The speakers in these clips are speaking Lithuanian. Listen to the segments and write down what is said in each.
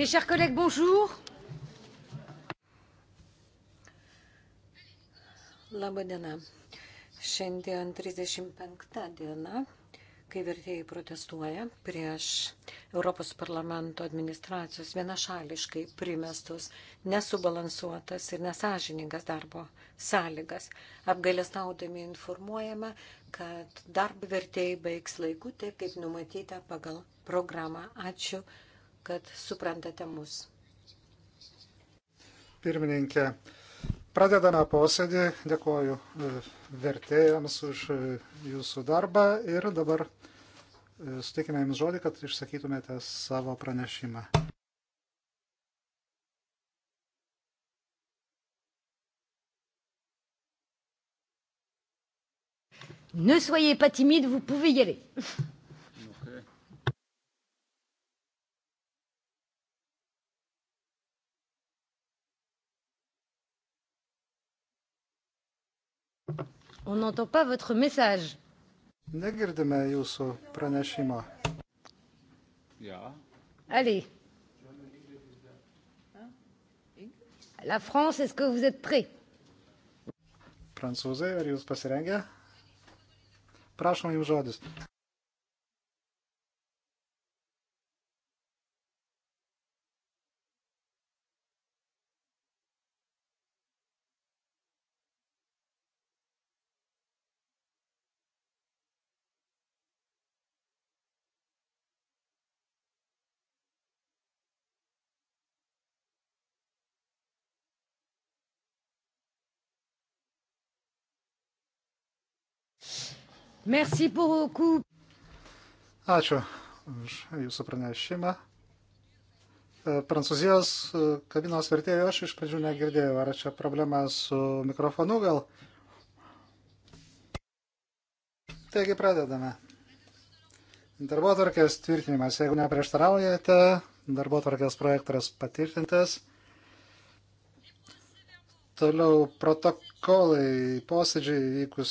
Mes chers collègues, bonjour. Labą dieną. Šiandien 35 diena, kai vertėjai protestuoja prieš Europos parlamento administracijos vienašališkai primestus nesubalansuotas ir nesažiningas darbo sąlygas. Apgailestaudami informuojama, kad darbo vertėjai baigs laiku taip, kaip numatyta pagal programą. Ačiū kad suprantate mus. Pirmininkė, pradedame posėdį. Dėkuoju e, vertėjams už e, jūsų darbą ir dabar e, suteikime jums žodį, kad išsakytumėte savo pranešimą. Ne soyez pas timide, vous pouvez y aller. On n'entend pas votre message. Negirdime jūsų pranešimo. Ja. Allez. La France, est-ce que vous êtes prêts? Prancūzai, ar jūs pasirengę? Prašom jums žodis. Merci beaucoup. Ačiū už jūsų pranešimą. E, prancūzijos e, kabinos vertėjo aš iš pradžių negirdėjau. Ar čia problema su mikrofonu gal? Taigi pradedame. Darbotvarkės tvirtinimas. Jeigu neprieštaraujate, darbotvarkės projektas patvirtintas. Toliau protokolai posėdžiai vykus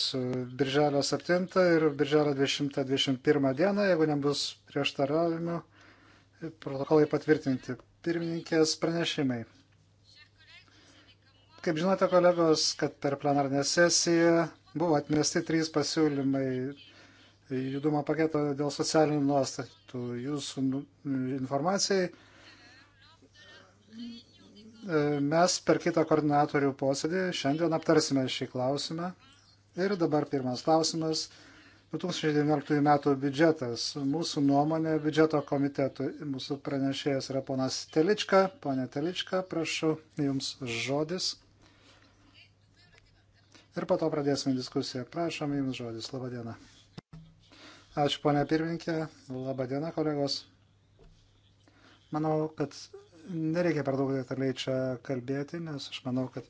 Birželio 7 ir Birželio 20-21 dieną, jeigu nebus prieštaravimų, protokolai patvirtinti. Pirmininkės pranešimai. Kaip žinote, kolegos, kad per plenarnę sesiją buvo atmesti trys pasiūlymai judumo paketo dėl socialinių nuostatų jūsų nu- informacijai E, mes per kitą koordinatorių posėdį šiandien aptarsime šį klausimą. Ir dabar pirmas klausimas. 2019 m. biudžetas. Mūsų nuomonė biudžeto komitetui. Mūsų pranešėjas yra ponas Telička. Pone Telička, prašau, jums žodis. Ir po to pradėsime diskusiją. Prašom, jums žodis. Labadiena. Ačiū, ponia pirmininkė. Labadiena, kolegos. Manau, kad nereikia per daug detaliai čia kalbėti, nes aš manau, kad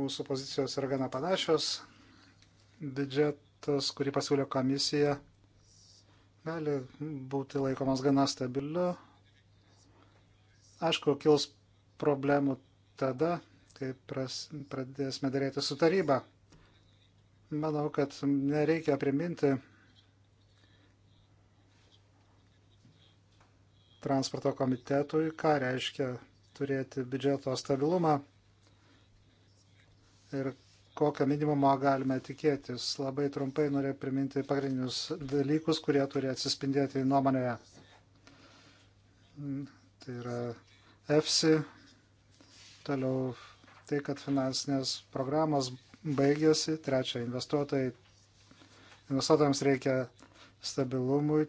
mūsų pozicijos yra gana panašios. Biudžetas, kurį pasiūlė komisija, gali būti laikomas gana stabiliu. Aišku, kils problemų tada, kai pras, pradėsime daryti su taryba. Manau, kad nereikia priminti transporto komitetui, ką reiškia turėti biudžeto stabilumą ir kokią minimumą galime tikėtis. Labai trumpai noriu priminti pagrindinius dalykus, kurie turi atsispindėti nuomonėje. Tai yra EFSI, toliau tai, kad finansinės programos baigėsi, trečia, investuotojai, investuotojams reikia stabilumui,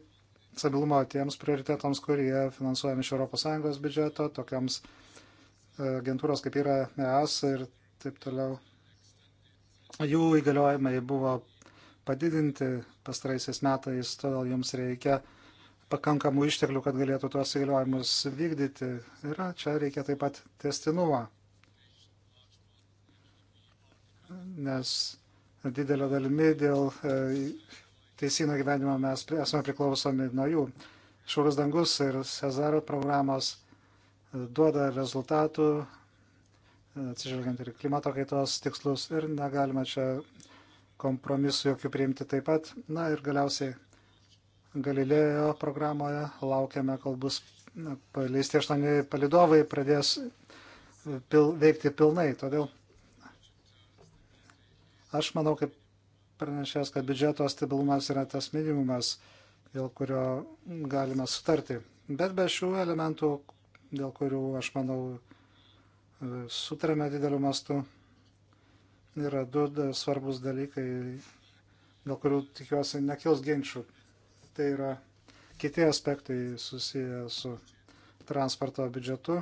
stabilumo tiems prioritetams, kurie finansuojami iš ES biudžeto, tokiams e, agentūros kaip yra EAS ir taip toliau. Jų įgaliojimai buvo padidinti pastaraisiais metais, todėl jums reikia pakankamų išteklių, kad galėtų tuos įgaliojimus vykdyti. Ir čia reikia taip pat testinumą, nes didelio dalimi dėl e, teisino gyvenimo mes esame priklausomi nuo jų. Švarus dangus ir Cezaro programos e, duoda rezultatų, e, atsižvelgiant ir klimato kaitos tikslus ir negalima čia kompromisų jokių priimti taip pat. Na ir galiausiai Galilėjo programoje laukiame, kol bus paleisti aštuoni palidovai, pradės e, pil, veikti pilnai. Todėl aš manau, kaip pranešęs, kad biudžeto stabilumas yra tas minimumas, dėl kurio galima sutarti. Bet be šių elementų, dėl kurių, aš manau, sutarėme dideliu mastu, yra du svarbus dalykai, dėl kurių tikiuosi nekils ginčių. Tai yra kiti aspektai susiję su transporto biudžetu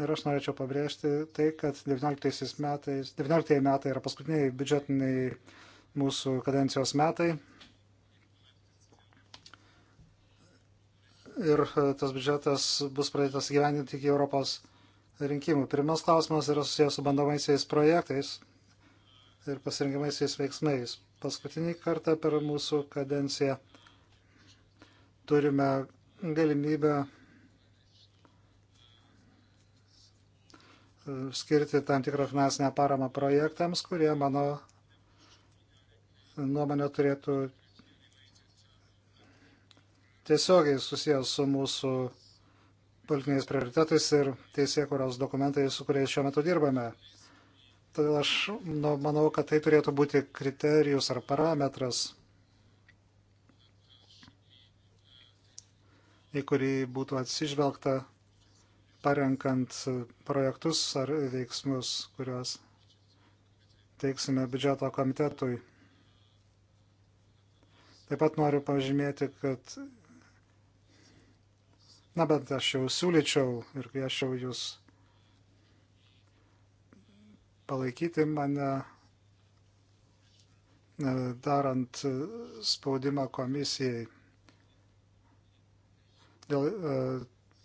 Ir aš norėčiau pabrėžti tai, kad 19 metais, 19 metai yra paskutiniai biudžetiniai mūsų kadencijos metai. Ir e, tas biudžetas bus pradėtas gyveninti iki Europos rinkimų. Pirmas klausimas yra susijęs su bandomaisiais projektais ir pasirinkimaisiais veiksmais. Paskutinį kartą per mūsų kadenciją turime galimybę skirti tam tikrą finansinę paramą projektams, kurie mano nuomonė turėtų tiesiogiai susijęs su mūsų politiniais prioritetais ir teisėkuros dokumentai, su kuriais šiuo metu dirbame. Todėl aš nu, manau, kad tai turėtų būti kriterijus ar parametras, į kurį būtų atsižvelgta parenkant projektus ar veiksmus, kuriuos teiksime biudžeto komitetui. Taip pat noriu pažymėti, kad, na bent aš jau siūlyčiau ir kviečiau jūs palaikyti mane e, darant spaudimą komisijai dėl e,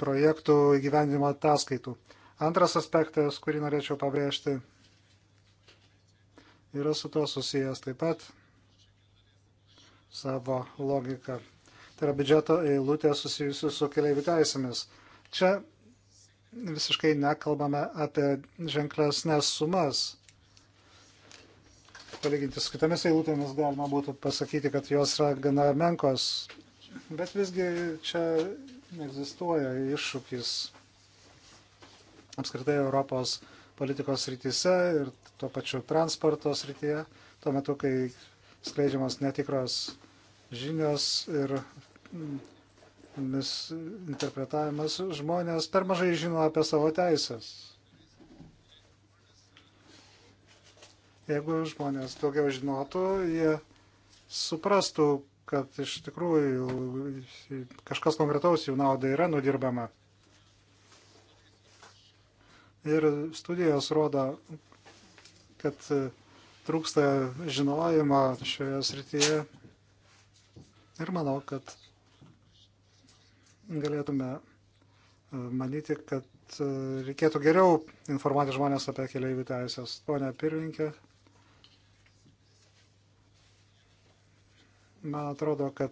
projektų įgyvendimo ataskaitų. Antras aspektas, kurį norėčiau pabrėžti, yra su to susijęs taip pat savo logiką. Tai yra biudžeto eilutė susijusi su keliaivių teisėmis. Čia visiškai nekalbame apie ženklesnės sumas. Palyginti su kitomis eilutėmis galima būtų pasakyti, kad jos yra gana menkos, bet visgi čia egzistuoja iššūkis apskritai Europos politikos rytise ir tuo pačiu transporto srityje, tuo metu, kai skleidžiamos netikros žinios ir mm, misinterpretavimas, žmonės per mažai žino apie savo teisės. Jeigu žmonės daugiau žinotų, jie suprastų, kad iš tikrųjų kažkas konkretaus jų naudai yra nudirbama. Ir studijos rodo, kad trūksta žinojimo šioje srityje. Ir manau, kad galėtume e, manyti, kad e, reikėtų geriau informuoti žmonės apie keliaivių teisės. Pone pirmininkė, Man atrodo, kad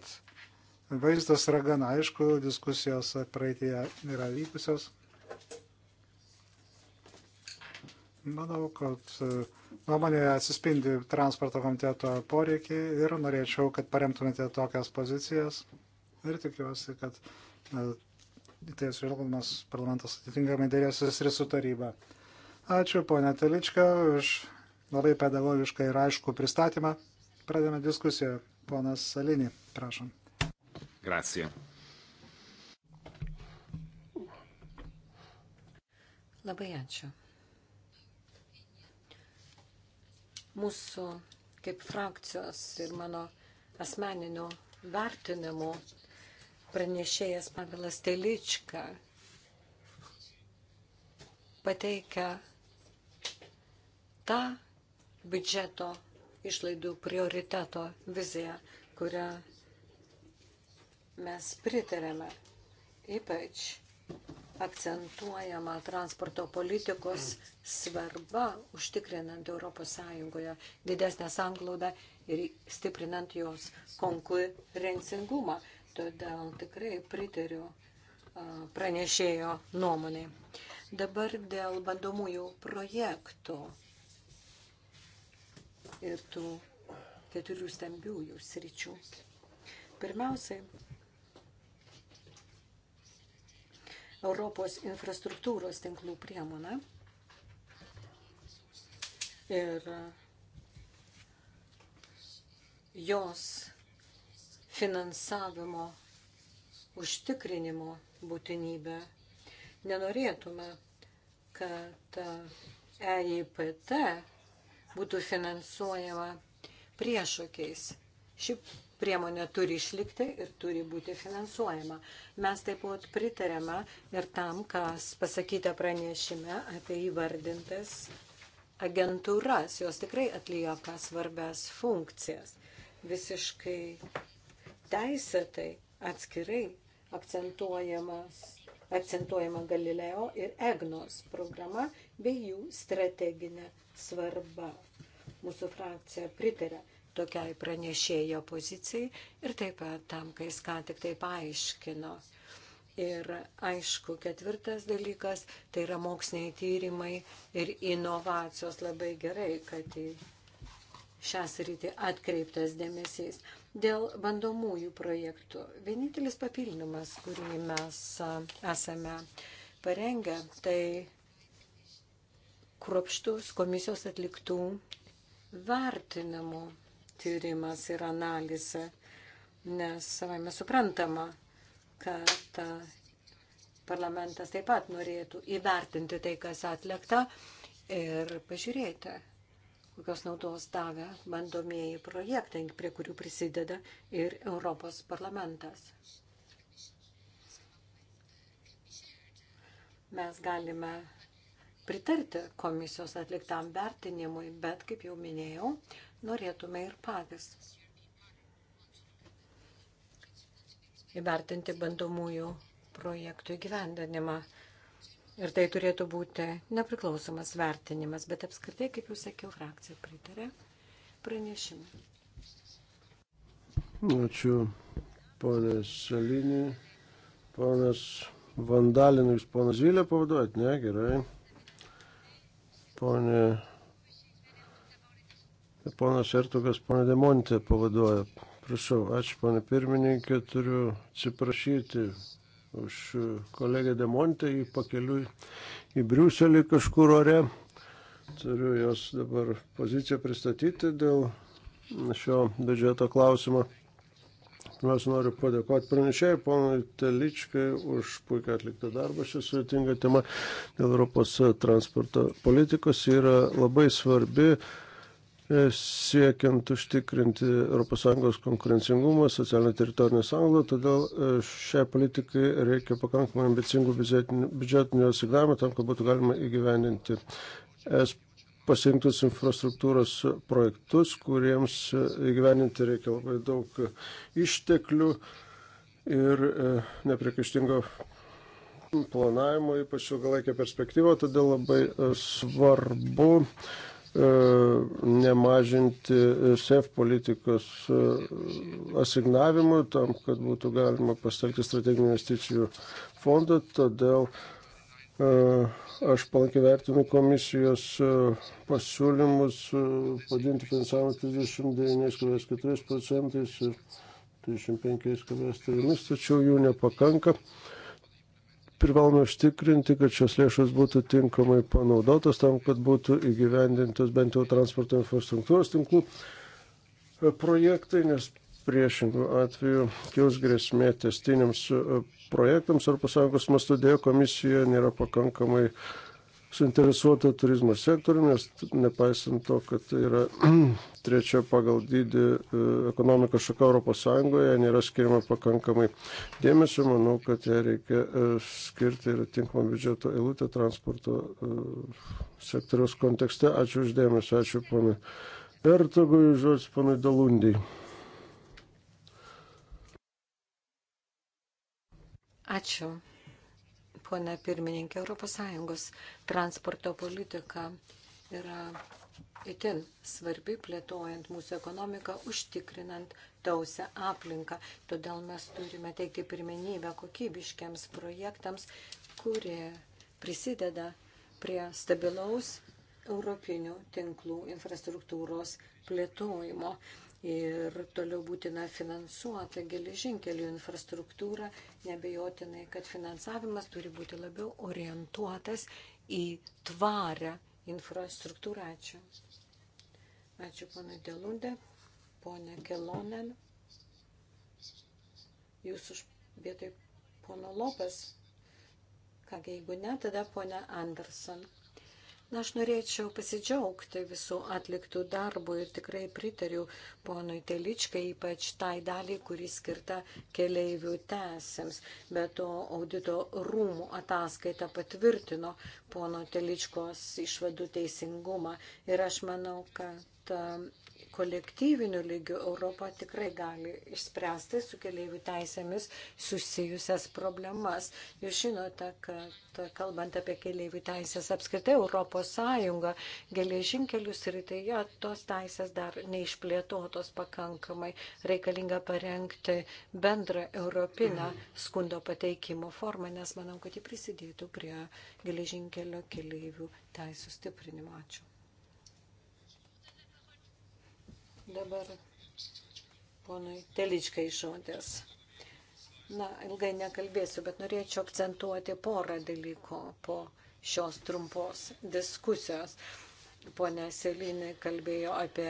vaizdas yra gana aišku, diskusijos praeitie yra vykusios. Manau, kad e, nuomonėje atsispindi transporto komiteto poreikiai ir norėčiau, kad paremtumėte tokias pozicijas. Ir tikiuosi, kad e, tai atsižvelgdamas parlamentas atitinkamai dėrėsis ir su taryba. Ačiū ponia Telička už labai pedagogišką ir aišku pristatymą. Pradėme diskusiją. Ponas Salinį, prašom. Gracija. Labai ačiū. Mūsų kaip frakcijos ir mano asmeninių vertinimų pranešėjas Pavilas Telička pateikia tą biudžeto išlaidų prioriteto viziją, kurią mes pritarėme. Ypač akcentuojama transporto politikos svarba užtikrinant ES didesnę sanglaudą ir stiprinant jos konkurencingumą. Todėl tikrai pritariu pranešėjo nuomonė. Dabar dėl bandomųjų projektų ir tų keturių stambiųjų sričių. Pirmiausiai, Europos infrastruktūros tinklų priemonė ir jos finansavimo užtikrinimo būtinybę. Nenorėtume, kad EIPT būtų finansuojama priešokiais. Ši priemonė turi išlikti ir turi būti finansuojama. Mes taip pat pritarėme ir tam, kas pasakyta pranešime apie įvardintas agentūras. Jos tikrai atlieka svarbias funkcijas. Visiškai teisėtai atskirai akcentuojamas akcentuojama Galileo ir EGNOS programa bei jų strateginė svarba. Mūsų frakcija pritarė tokiai pranešėjo pozicijai ir taip pat tam, kai jis ką tik tai paaiškino. Ir aišku, ketvirtas dalykas - tai yra moksliniai tyrimai ir inovacijos. Labai gerai, kad į šią sritį atkreiptas dėmesys. Dėl bandomųjų projektų. Vienintelis papildymas, kurį mes esame parengę, tai kruopštus komisijos atliktų vertinimų tyrimas ir analizė, nes savai mes suprantama, kad parlamentas taip pat norėtų įvertinti tai, kas atlikta ir pažiūrėti, kokios naudos davė bandomieji projektai, prie kurių prisideda ir Europos parlamentas. Mes galime pritarti komisijos atliktam vertinimui, bet, kaip jau minėjau, norėtume ir patys įvertinti bandomųjų projektų įgyvendinimą. Ir tai turėtų būti nepriklausomas vertinimas, bet apskritai, kaip jau sakiau, frakcija pritarė pranešimą. Ačiū, ponė Salinė, ponas Vandalinai, jūs ponas Vylė pavaduojat, ne, gerai ponė. Ponas Ertugas, ponė Demontė pavaduoja. Prašau, ačiū, ponė pirmininkė, turiu atsiprašyti už kolegę Demontę į pakeliui į Briuselį kažkur ore. Turiu jos dabar poziciją pristatyti dėl šio biudžeto klausimo. Pirmiausia, noriu padėkoti pranešėjai, ponui Teličkai, už puikiai atliktą darbą. Šią sudėtingą temą dėl Europos transporto politikos yra labai svarbi e, siekiant užtikrinti ES konkurencingumą, socialinę teritorinę sąjungą, todėl e, šiai politikai reikia pakankamai ambicingų biudžetinių asignavimų tam, kad būtų galima įgyveninti es pasirinktus infrastruktūros projektus, kuriems įgyveninti reikia labai daug išteklių ir e, neprikaištingo planavimo, ypač ilgalaikė perspektyva, todėl labai e, svarbu e, nemažinti SEF politikos asignavimų tam, kad būtų galima pasitelkti strateginių investicijų fondą, todėl uh, Aš palankiai vertinu komisijos e, pasiūlymus e, padinti finansavimą 39,4 procentais ir 35,3, tačiau jų nepakanka. Privalome užtikrinti, kad šios lėšos būtų tinkamai panaudotos tam, kad būtų įgyvendintos bent jau transporto infrastruktūros tinklų e, projektai, nes Priešingų atveju kils grėsmė testiniams e, projektams ar pasangos mastu dėja komisija nėra pakankamai suinteresuota turizmo sektoriumi, nes nepaisant to, kad tai yra trečia pagal dydį e, ekonomikos šaka Europos Sąjungoje, nėra skiriama pakankamai dėmesio, manau, kad ją reikia e, skirti ir tinkamą biudžeto eilutę transporto sektoriaus kontekste. Ačiū uždėmesį, ačiū ponui Ertogui, žodžiu ponui Dalundijai. Ačiū, ponia pirmininkė. ES transporto politika yra itin svarbi plėtojant mūsų ekonomiką, užtikrinant tausią aplinką. Todėl mes turime teikti pirmenybę kokybiškiams projektams, kurie prisideda prie stabilaus europinių tinklų infrastruktūros plėtojimo ir toliau būtina finansuoti geležinkelių infrastruktūrą, nebejotinai, kad finansavimas turi būti labiau orientuotas į tvarę infrastruktūrą. Ačiū. Ačiū ponai Delundė, ponė Kelonen. Jūs už vietoj pono Lopes. Kągi, jeigu ne, tada ponė Anderson. Na, aš norėčiau pasidžiaugti visų atliktų darbų ir tikrai pritariu ponui Teličkai, ypač tai daliai, kuris skirta keleivių tesėms. Bet to audito rūmų ataskaita patvirtino pono Teličkos išvadų teisingumą. Ir aš manau, kad kolektyviniu lygiu Europa tikrai gali išspręsti su keliaivių teisėmis susijusias problemas. Jūs žinote, kad kalbant apie keliaivių teisės apskritai Europos Sąjungą, geležinkelių srityje tos teisės dar neišplėtotos pakankamai. Reikalinga parengti bendrą europinę skundo pateikimo formą, nes manau, kad ji prisidėtų prie geležinkelio keliaivių teisų stiprinimo. Ačiū. Dabar ponui Teličkai išodės. Na, ilgai nekalbėsiu, bet norėčiau akcentuoti porą dalykų po šios trumpos diskusijos. Pone Selinė kalbėjo apie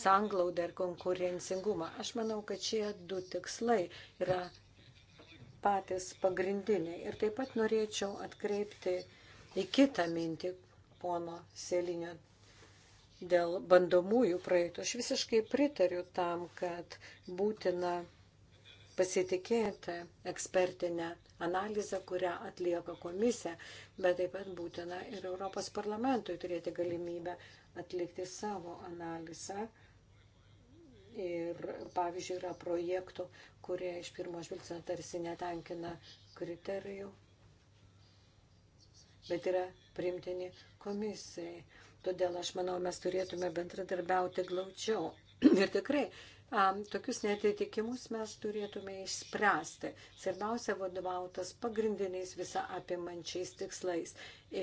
sanglaudą ir konkurencingumą. Aš manau, kad šie du tikslai yra patys pagrindiniai. Ir taip pat norėčiau atkreipti į kitą mintį pono Selinio dėl bandomųjų projektų. Aš visiškai pritariu tam, kad būtina pasitikėti ekspertinę analizę, kurią atlieka komisija, bet taip pat būtina ir Europos parlamentui turėti galimybę atlikti savo analizą. Ir, pavyzdžiui, yra projektų, kurie iš pirmo žvilgsnio tarsi netenkina kriterijų, bet yra primtini komisijai. Todėl aš manau, mes turėtume bendradarbiauti glaučiau. Ir tikrai tokius netitikimus mes turėtume išspręsti. Svarbiausia vadovautas pagrindiniais visą apimančiais tikslais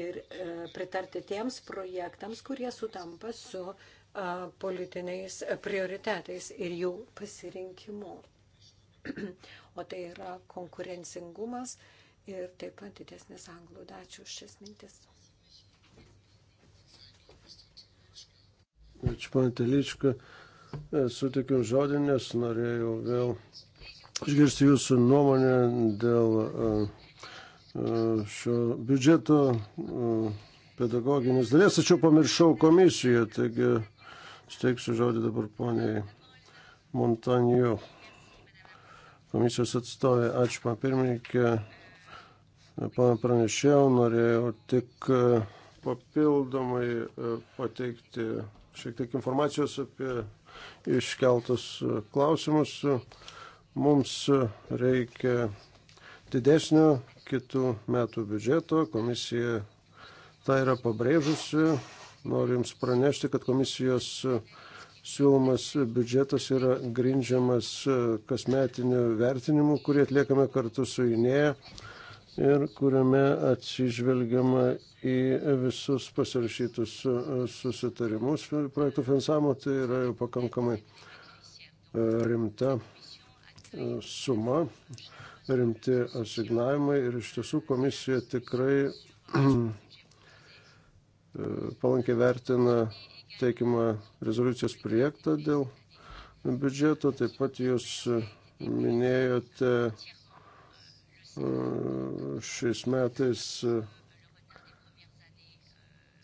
ir e, pritarti tiems projektams, kurie sutampa su e, politiniais prioritetais ir jų pasirinkimu. O tai yra konkurencingumas ir taip pat didesnės anglų. Ačiū už šias mintis. Ačiū, man Teličką, sutikiu žodį, nes norėjau vėl išgirsti jūsų nuomonę dėl e, e, šio biudžeto e, pedagoginės dalies, tačiau pamiršau komisiją, taigi steiksiu žodį dabar poniai Montanijo komisijos atstovė. Ačiū, man pirmininkė, pana pranešėjau, norėjau tik papildomai pateikti šiek tiek informacijos apie iškeltus klausimus. Mums reikia didesnio kitų metų biudžeto. Komisija tą yra pabrėžusi. Noriu Jums pranešti, kad komisijos siūlomas biudžetas yra grindžiamas kasmetiniu vertinimu, kurį atliekame kartu su INEA ir kuriame atsižvelgiama į visus pasirašytus e, susitarimus projektų finansavimo, tai yra jau pakankamai e, rimta e, suma, rimti asignavimai ir iš tiesų komisija tikrai palankiai vertina teikimą rezoliucijos projektą dėl biudžeto, taip pat jūs minėjote E, šiais metais e,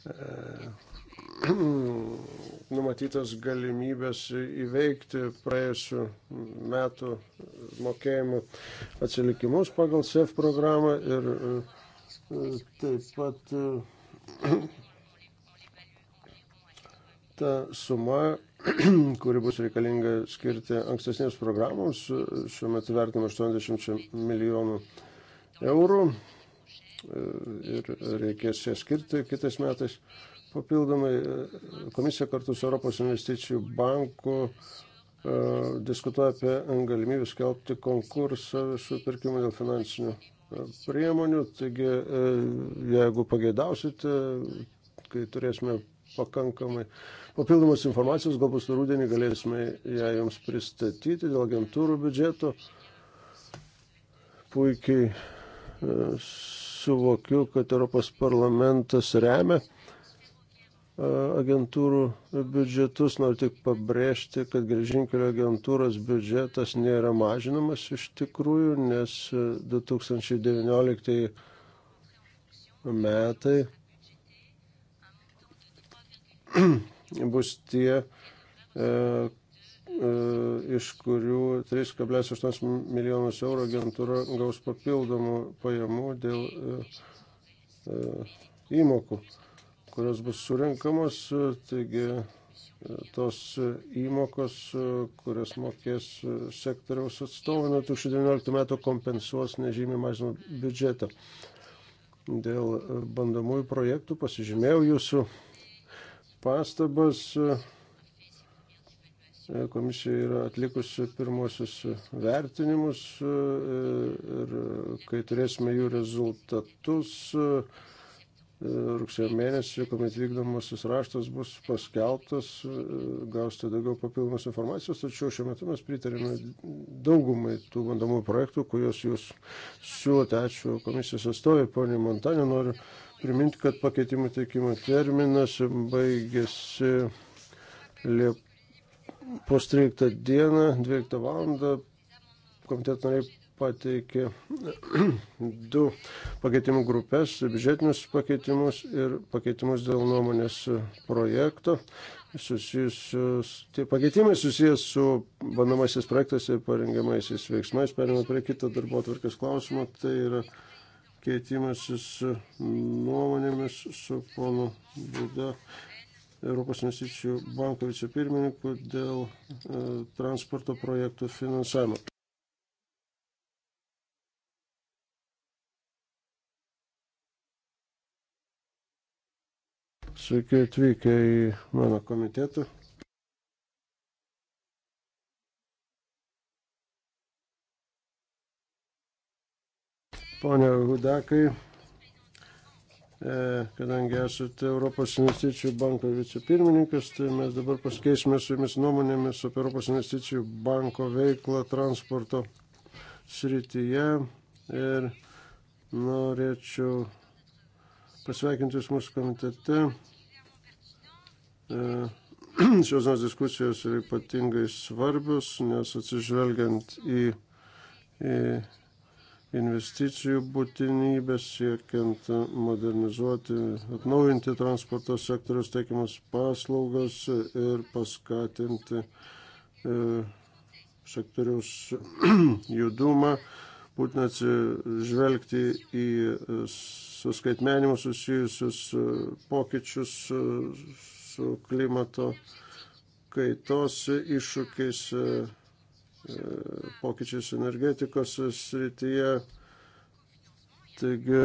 e, numatytas galimybės įveikti praėjusių metų mokėjimų atsilikimus pagal SEF programą ir taip pat ta suma kuri bus reikalinga skirti ankstesnėms programoms, šiuo metu vertinama 80 milijonų eurų ir reikės ją skirti kitais metais. Papildomai e, komisija kartu su Europos investicijų banku e, diskutuoja apie galimybę skelbti konkursą visų pirkimų dėl finansinių e, priemonių. Taigi, jeigu pageidausite, kai turėsime pakankamai papildomos informacijos, galbūt rudenį galėsime ją jums pristatyti dėl agentūrų biudžeto. Puikiai e, suvokiu, kad Europos parlamentas remia e, agentūrų biudžetus. Noriu tik pabrėžti, kad geležinkelio agentūros biudžetas nėra mažinamas iš tikrųjų, nes 2019 e, metai bus tie, e, e, iš kurių 3,8 milijonus eurų agentūra gaus papildomų pajamų dėl e, įmokų, kurios bus surinkamos. Taigi tos įmokos, kurias mokės sektoriaus atstovai nuo 2019 metų kompensuos nežymiai mažinant biudžetą. Dėl bandomųjų projektų pasižymėjau jūsų pastabas. E, komisija yra atlikusi pirmosius vertinimus e, ir kai turėsime jų rezultatus, e, rugsėjo mėnesį, kuomet vykdomasis raštas bus paskelbtas, gausite daugiau papildomos informacijos, tačiau šiuo metu mes pritarėme daugumai tų bandomų projektų, kuriuos jūs siūlote. Ačiū komisijos atstovai, ponė Montanė, noriu Priminti, kad pakeitimų teikimo terminas baigėsi Liepos 13 dieną, 12 val. Komiteto nariai pateikė du pakeitimų grupės, biudžetinius pakeitimus ir pakeitimus dėl nuomonės projekto. Susijusius, tie pakeitimai susijęs su bandomaisiais projektais ir parengiamaisiais veiksmais. Perėmė prie kito darbo atvarkės klausimo. Tai yra keitimasis nuomonėmis su ponu Buda. Europos investicijų banko vicepirmininku dėl e, transporto projektų finansavimo. Sveiki atvykę į mano komitetą. Pone Hudakai, e, kadangi esate Europos investicijų banko vicepirmininkas, tai mes dabar pasikeisime su jumis nuomonėmis apie Europos investicijų banko veiklą transporto srityje. Ir norėčiau pasveikinti Jūs mūsų komitete. E, šios dienos diskusijos yra ypatingai svarbios, nes atsižvelgiant į, į investicijų būtinybės siekiant modernizuoti, atnaujinti transporto sektorius teikiamas paslaugas ir paskatinti e, sektoriaus judumą, būtent atsižvelgti į e, suskaitmenimu susijusius e, pokyčius e, su klimato kaitos iššūkiais pokyčiais energetikos srityje. Taigi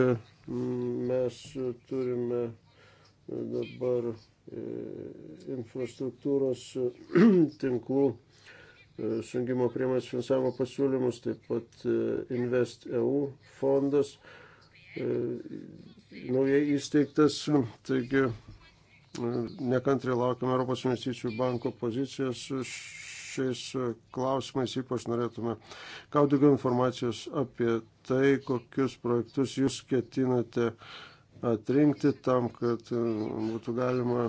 mm, mes turime dabar e, infrastruktūros tinklų e, sungimo priemonės finansavimo pasiūlymus, taip pat e, InvestEU fondas naujai įsteigtas. Taigi nekantriai laukiam Europos investicijų banko pozicijos šiais e, klausimais. Ypač norėtume gauti daugiau informacijos apie tai, kokius projektus jūs ketinate atrinkti tam, kad e, būtų galima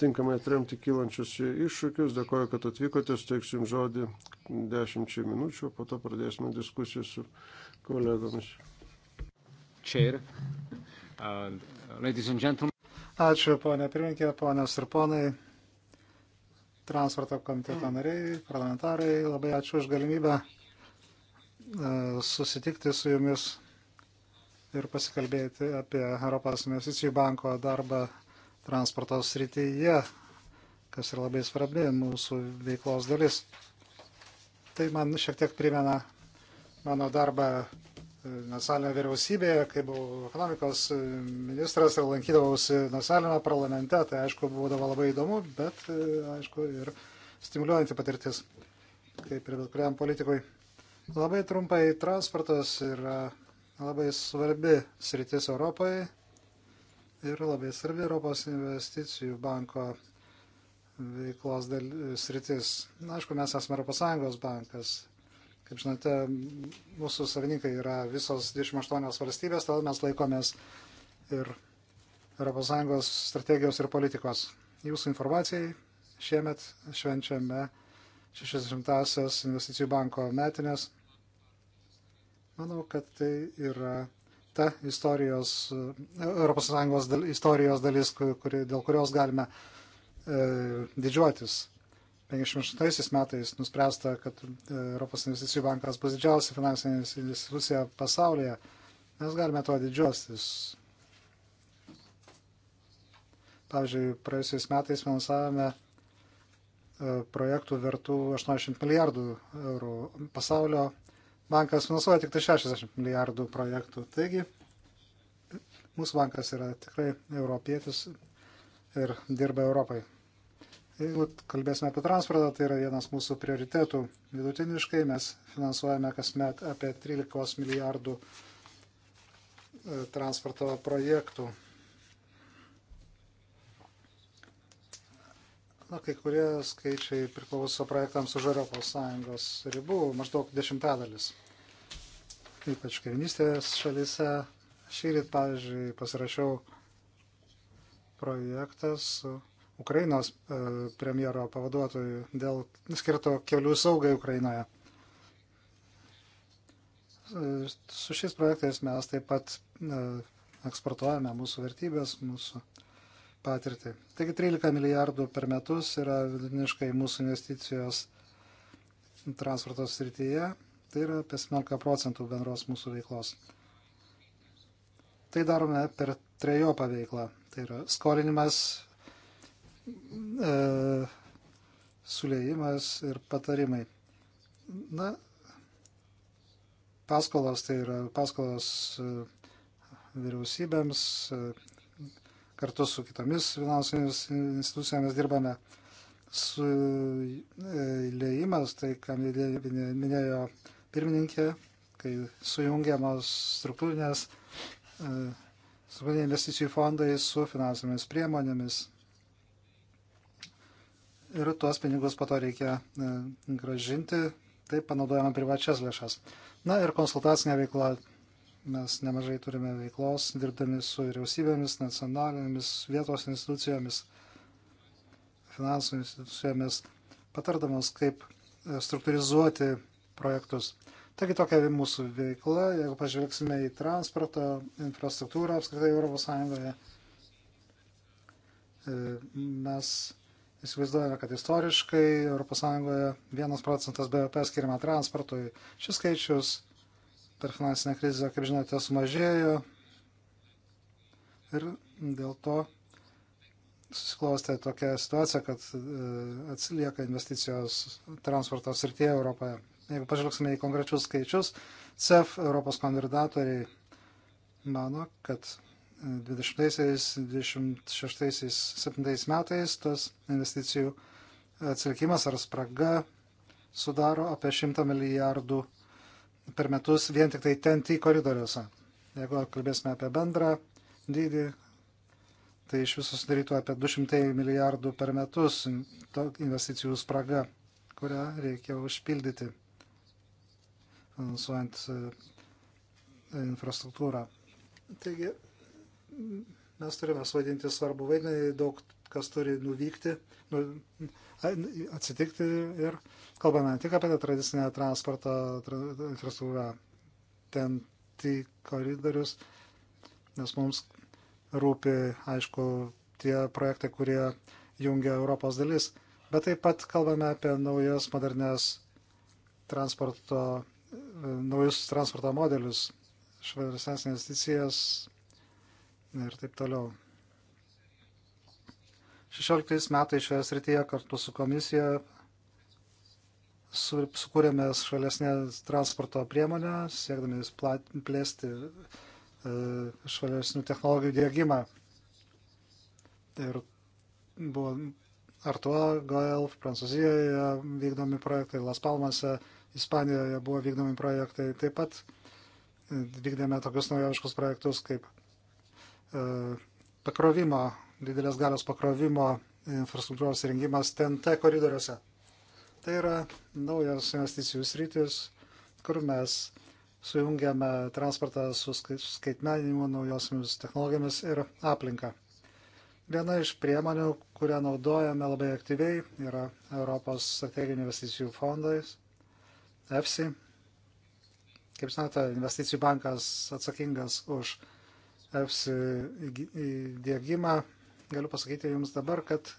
tinkamai atremti kylančius iššūkius. Dėkoju, kad atvykote, steiksiu jums žodį dešimčiai minučių, po to pradėsime diskusiją su kolegomis. Chair, uh, ladies and gentlemen. Ačiū, ponė pirmininkė, ponės ir ponai transporto komiteto mm. nariai, parlamentarai, labai ačiū už galimybę e, susitikti su jumis ir pasikalbėti apie Europos investicijų banko darbą transporto srityje, kas yra labai svarbi mūsų veiklos dalis. Tai man šiek tiek primena mano darbą nacionalinėje vyriausybėje, kai buvau ekonomikos e, ministras ir lankydavausi nacionalinėme parlamente, tai aišku, būdavo labai įdomu, bet e, aišku ir stimuliuojanti patirtis, kaip ir bet kuriam politikui. Labai trumpai, transportas yra labai svarbi sritis Europoje ir labai svarbi Europos investicijų banko veiklos dal... sritis. Na, aišku, mes esame Europos Sąjungos bankas, Kaip žinote, mūsų savininkai yra visos 28 valstybės, todėl mes laikomės ir ES strategijos ir politikos. Jūsų informacijai šiemet švenčiame 60-asias investicijų banko metinės. Manau, kad tai yra ta istorijos, ES dal, istorijos dalis, kuri, dėl kurios galime e, didžiuotis 58 metais nuspręsta, kad e, Europos investicijų bankas bus didžiausia finansinė institucija pasaulyje, mes galime tuo didžiuostis. Pavyzdžiui, praėjusiais metais finansavome e, projektų vertų 80 milijardų eurų. Pasaulio bankas finansuoja tik tai 60 milijardų projektų. Taigi, mūsų bankas yra tikrai europietis ir dirba Europai. Jeigu kalbėsime apie transportą, tai yra vienas mūsų prioritetų. Vidutiniškai mes finansuojame kasmet apie 13 milijardų e, transporto projektų. Na, kai kurie skaičiai priklauso projektams už ES ribų, maždaug dešimtadalis. Ypač kaiminystės šalise. Šį rytą, pavyzdžiui, pasirašiau projektą su Ukrainos e, premjero pavaduotojų dėl skirto kelių saugai Ukrainoje. E, su šiais projektais mes taip pat e, eksportuojame mūsų vertybės, mūsų patirtį. Taigi 13 milijardų per metus yra vidutiniškai mūsų investicijos transporto srityje. Tai yra apie 17 procentų bendros mūsų veiklos. Tai darome per trejopą veiklą. Tai yra skolinimas, e, sulėjimas ir patarimai. Na, paskolos tai yra paskolos e, vyriausybėms, e, kartu su kitomis finansinėmis institucijomis dirbame. Sulėjimas, e, tai ką minėjo pirmininkė, kai sujungiamos struktūrinės, struktūrinės investicijų fondai su finansinėmis priemonėmis ir tuos pinigus po to reikia e, gražinti, taip panaudojame privačias lėšas. Na ir konsultacinė veikla. Mes nemažai turime veiklos, dirbdami su vyriausybėmis, nacionalinėmis, vietos institucijomis, finansų institucijomis, patardamas, kaip e, struktūrizuoti projektus. Taigi tokia mūsų veikla, jeigu pažvelgsime į transporto infrastruktūrą apskritai ES, e, mes Įsivaizduojame, kad istoriškai ES 1 procentas BVP skiriama transportui. Šis skaičius per finansinę krizę, kaip žinote, sumažėjo ir dėl to susiklostė tokia situacija, kad e, atsilieka investicijos transporto srityje Europoje. Jeigu pažvelgsime į konkrečius skaičius, CEF Europos konverdatoriai mano, kad 2026-2027 metais tas investicijų atsilikimas ar spraga sudaro apie 100 milijardų per metus vien tik tai TNT koridoriuose. Jeigu kalbėsime apie bendrą dydį, tai iš viso sudarytų apie 200 milijardų per metus investicijų spraga, kurią reikia užpildyti, finansuojant e, infrastruktūrą. Taigi mes turime suvaidinti svarbu vaidmenį, daug kas turi nuvykti, nu, atsitikti ir kalbame ne tik apie tą tradicinę transporto infrastruktūrą, ten tai koridorius, nes mums rūpi, aišku, tie projektai, kurie jungia Europos dalis, bet taip pat kalbame apie naujas modernės transporto, naujus transporto modelius, švaresnės investicijas, ir taip toliau. 16 metais šioje srityje kartu su komisija sukūrėme švalesnės transporto priemonę, siekdami plėsti e, švalesnių technologijų dėgymą. Ir buvo Artois, Goelf, Prancūzijoje vykdomi projektai, Las Palmase, Ispanijoje buvo vykdomi projektai. Taip pat vykdėme tokius naujoviškus projektus kaip E, pakrovimo, didelės galios pakrovimo infrastruktūros rengimas TNT koridoriuose. Tai yra naujas investicijų sritis, kur mes sujungiame transportą su skaitmeninimu, naujosiamis technologijomis ir aplinka. Viena iš priemonių, kurią naudojame labai aktyviai, yra Europos strateginių investicijų fondais, EFSI. Kaip žinote, investicijų bankas atsakingas už EFSI įdėgymą, e, galiu pasakyti Jums dabar, kad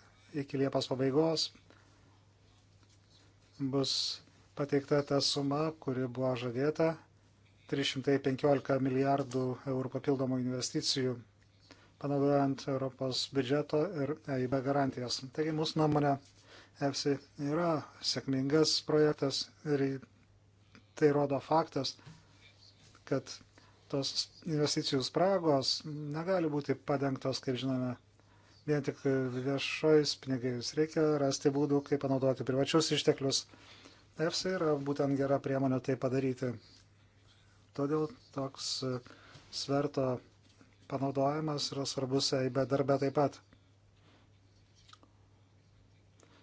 iki Liepos pabaigos bus pateikta ta suma, kuri buvo žadėta 315 milijardų eurų papildomų investicijų, panaudojant Europos biudžeto ir EIB garantijas. Taigi mūsų nuomonė, EFSI yra sėkmingas projektas ir tai rodo faktas, kad tos investicijų spragos negali būti padengtos, kaip žinome, vien tik viešojais pinigais. Reikia rasti būdų, kaip panaudoti privačius išteklius. EFSA yra būtent gera priemonė tai padaryti. Todėl toks e, sverto panaudojimas yra svarbus EIB darbe taip pat.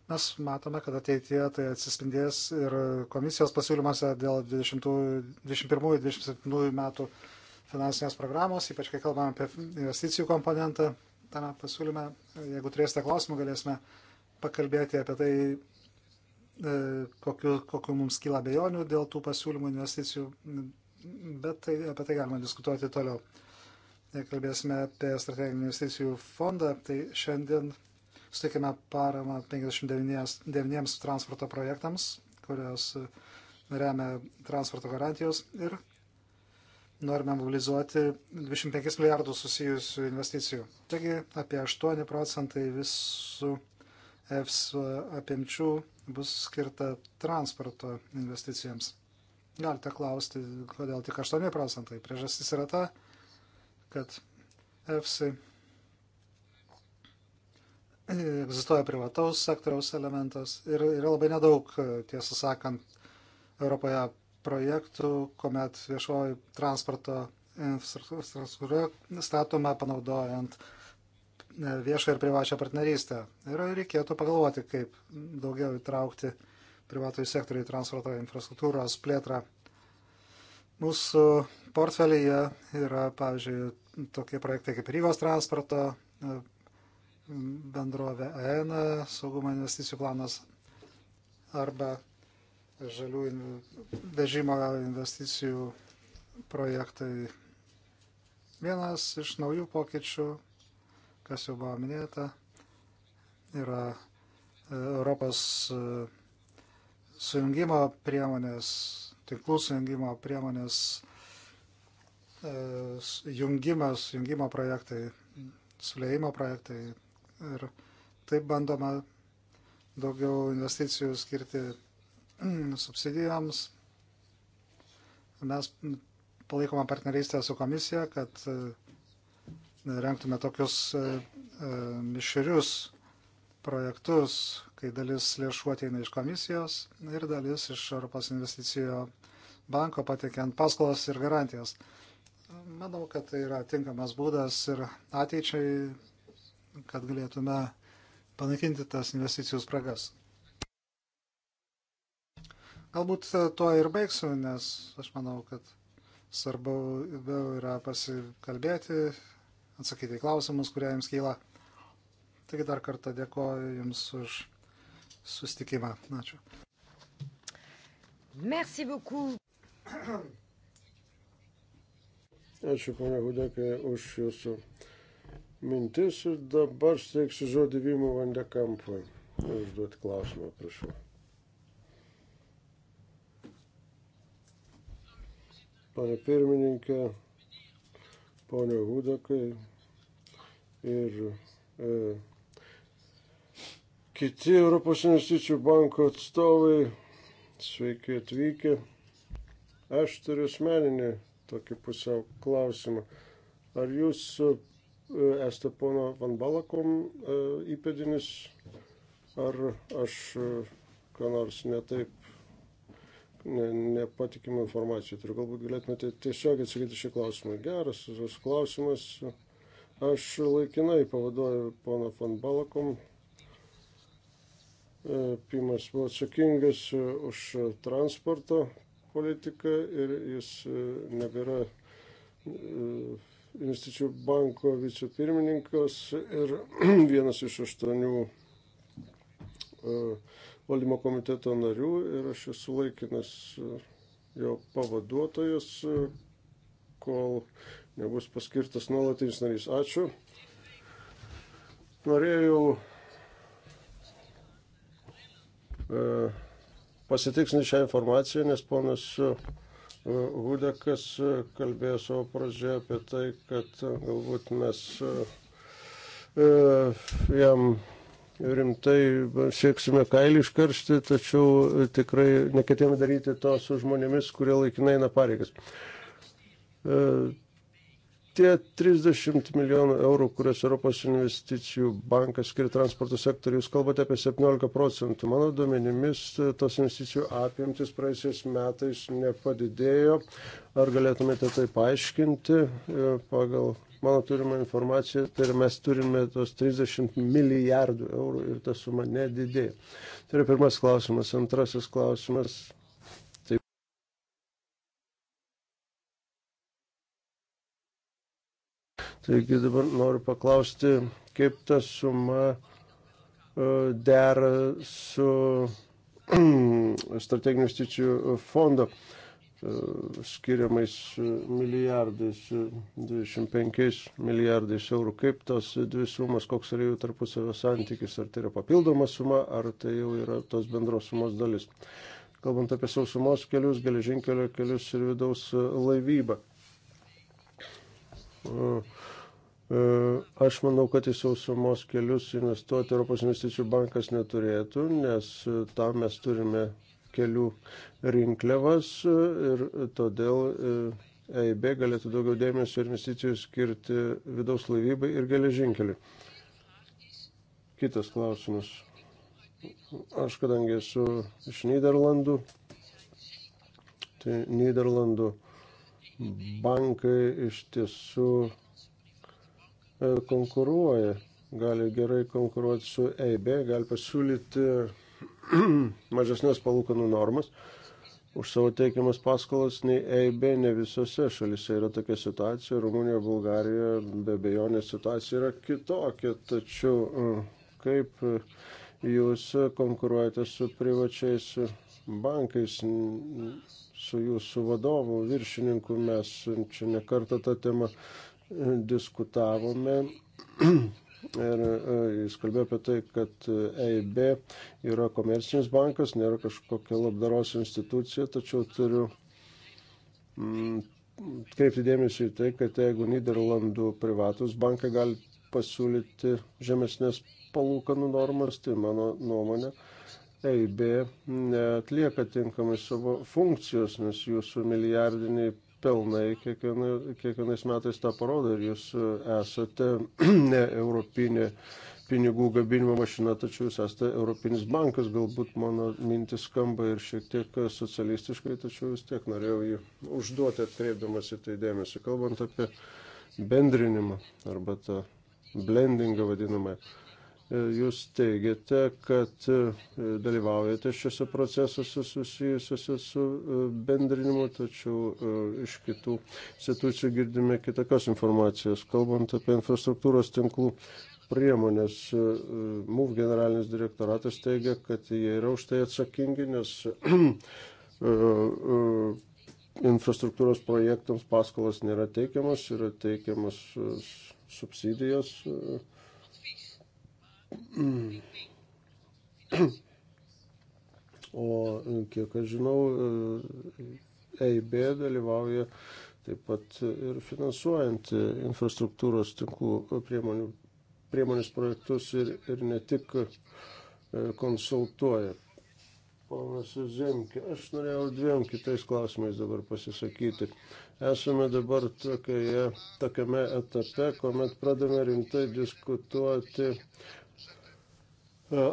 Mes matome, kad ateityje tai atsispindės ir komisijos pasiūlymuose dėl 2021-2027 metų finansinės programos, ypač kai kalbame apie investicijų komponentą tame pasiūlyme. Jeigu turėsite klausimų, galėsime pakalbėti apie tai, e, kokiu, kokiu mums kyla bejonių dėl tų pasiūlymų investicijų, bet tai, apie tai galima diskutuoti toliau. Jei kalbėsime apie strateginį investicijų fondą, tai šiandien suteikime paramą 59, 59 transporto projektams, kurios remia transporto garantijos ir norime mobilizuoti 25 milijardų susijusių investicijų. Taigi apie 8 procentai visų EFS apimčių bus skirta transporto investicijams. Galite klausti, kodėl tik 8 procentai. Priežastis yra ta, kad EFSI egzistuoja privataus sektoriaus elementas ir yra labai nedaug, tiesą sakant, Europoje projektų, kuomet viešoji transporto infrastruktūra statoma panaudojant viešą ir privačią partnerystę. Ir reikėtų pagalvoti, kaip daugiau įtraukti privatojų sektorių į transporto infrastruktūros plėtrą. Mūsų portfelyje yra, pavyzdžiui, tokie projektai kaip Rygos transporto e, bendrovė EN, saugumo investicijų planas arba žalių vežimo investicijų projektai. Vienas iš naujų pokyčių, kas jau buvo minėta, yra e, Europos e, sujungimo priemonės, tinklų sujungimo priemonės jungimas, e, jungimo projektai, sulėjimo projektai. Ir taip bandoma daugiau investicijų skirti subsidijams. Mes palaikoma partnerystė su komisija, kad e, rengtume tokius e, e, mišrius projektus, kai dalis lėšų ateina iš komisijos ir dalis iš Europos investicijo banko pateikiant paskolas ir garantijas. Manau, kad tai yra tinkamas būdas ir ateičiai, kad galėtume panaikinti tas investicijų spragas. Galbūt e, tuo ir baigsiu, nes aš manau, kad svarbu yra pasikalbėti, atsakyti į klausimus, kurie jums kyla. Taigi dar kartą dėkoju Jums už sustikimą. Ačiū. Merci beaucoup. Ačiū, ponia Hudekė, už Jūsų mintis ir dabar steiksiu žodį Vimu Vandekampui. Užduoti klausimą, prašau. Pane pirmininkė, ponio Hudakai ir e, kiti Europos investicijų banko atstovai, sveiki atvykę. Aš turiu asmeninį tokį pusiau klausimą. Ar jūs e, esate pono Van Balakom e, įpėdinis, ar aš e, ką nors netaip ne, nepatikimą informaciją. Turiu galbūt galėtumėte tiesiog atsakyti šį klausimą. Geras tas klausimas. Aš laikinai pavaduoju poną von Balakom. E, Pimas buvo atsakingas už transporto politiką ir jis e, nebėra e, investicijų banko vicepirmininkas ir vienas iš aštuonių uh, valdymo komiteto narių ir aš esu laikinas e, jo pavaduotojas, e, kol nebus paskirtas nuolatinis narys. Ačiū. Norėjau e, pasitiksni šią informaciją, nes ponas e, Hudekas kalbėjo savo pradžioje apie tai, kad galbūt mes e, jam rimtai sieksime kailį iškaršti, tačiau tikrai neketėme daryti to su žmonėmis, kurie laikinai eina pareigas. E, tie 30 milijonų eurų, kurias Europos investicijų bankas skiria transporto sektoriui, jūs kalbate apie 17 procentų. Mano duomenimis e, tos investicijų apimtis praeisiais metais nepadidėjo. Ar galėtumėte tai paaiškinti e, pagal mano turima informacija, tai yra mes turime tos 30 milijardų eurų ir ta suma nedidėja. Tai yra pirmas klausimas. Antrasis klausimas. Taip. Taigi dabar noriu paklausti, kaip ta suma e, dera su strateginių investicijų fondo E, skiriamais e, milijardais, 25 e, milijardais eurų. Kaip tos dvi sumas, koks yra jų tarpusavio santykis, ar tai yra papildoma suma, ar tai jau yra tos bendros sumos dalis. Kalbant apie sausumos kelius, geležinkelio kelius ir vidaus laivybą. Aš manau, kad į sausumos kelius investuoti Europos investicijų bankas neturėtų, nes tam mes turime kelių rinkliavas e, ir todėl EIB e galėtų daugiau dėmesio ir investicijų skirti vidaus laivybai ir geležinkeliui. Kitas klausimas. Aš kadangi esu iš Niderlandų, tai Niderlandų bankai iš tiesų e, konkuruoja, gali gerai konkuruoti su EIB, gali pasiūlyti mažesnės palūkanų normas už savo teikiamas paskolas nei EIB, ne visose šalise yra tokia situacija. Rumunija, Bulgarija be bejonės situacija yra kitokia, tačiau mm, kaip jūs konkuruojate su privačiais bankais, mm, su jūsų vadovu, viršininku, mes čia nekartą tą temą mm, diskutavome Ir e, jis kalbėjo apie tai, kad EIB e yra komercinis bankas, nėra kažkokia labdaros institucija, tačiau turiu mm, kreipti dėmesį į tai, kad jeigu Niderlandų privatus bankai gali pasiūlyti žemesnės palūkanų normas, tai mano nuomonė, EIB neatlieka tinkamai savo funkcijos, nes jūsų milijardiniai pelnai kiekviena, kiekvienais metais tą parodo ir jūs e, esate ne europinė pinigų gabinimo mašina, tačiau jūs esate Europinis bankas, galbūt mano mintis skamba ir šiek tiek socialistiškai, tačiau vis tiek norėjau jį užduoti atkreipdamas į tai dėmesį, kalbant apie bendrinimą arba tą blendingą vadinamą. E, jūs teigiate, kad e, dalyvaujate šiuose procesuose susijusiuose su e, bendrinimu, tačiau iš kitų institucijų girdime kitokios informacijos. Kalbant apie infrastruktūros tinklų priemonės, MUV generalinis direktoratas teigia, kad jie yra už tai atsakingi, nes infrastruktūros projektams paskolas nėra teikiamas, yra teikiamas subsidijos Mm. O kiek aš žinau, EIB dalyvauja taip pat ir finansuojant infrastruktūros tinklų priemonių, priemonės projektus ir, ir ne tik e, konsultuoja. Ponas Zemke, aš norėjau dviem kitais klausimais dabar pasisakyti. Esame dabar tokioje, tokiame etape, kuomet pradame rimtai diskutuoti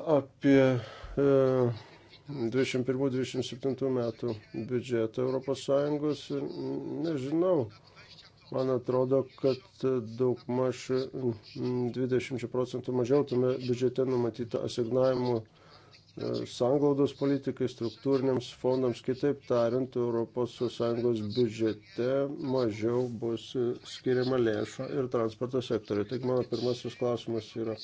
apie 21-27 e, metų biudžetą ES. Nežinau, man atrodo, kad daugmaž 20 procentų mažiau tame biudžete numatyta asignavimų e, sanglaudos politikai, struktūriniams fondams, kitaip tariant, ES biudžete mažiau bus skiriama lėšų ir transporto sektoriai. Taigi mano pirmasis klausimas yra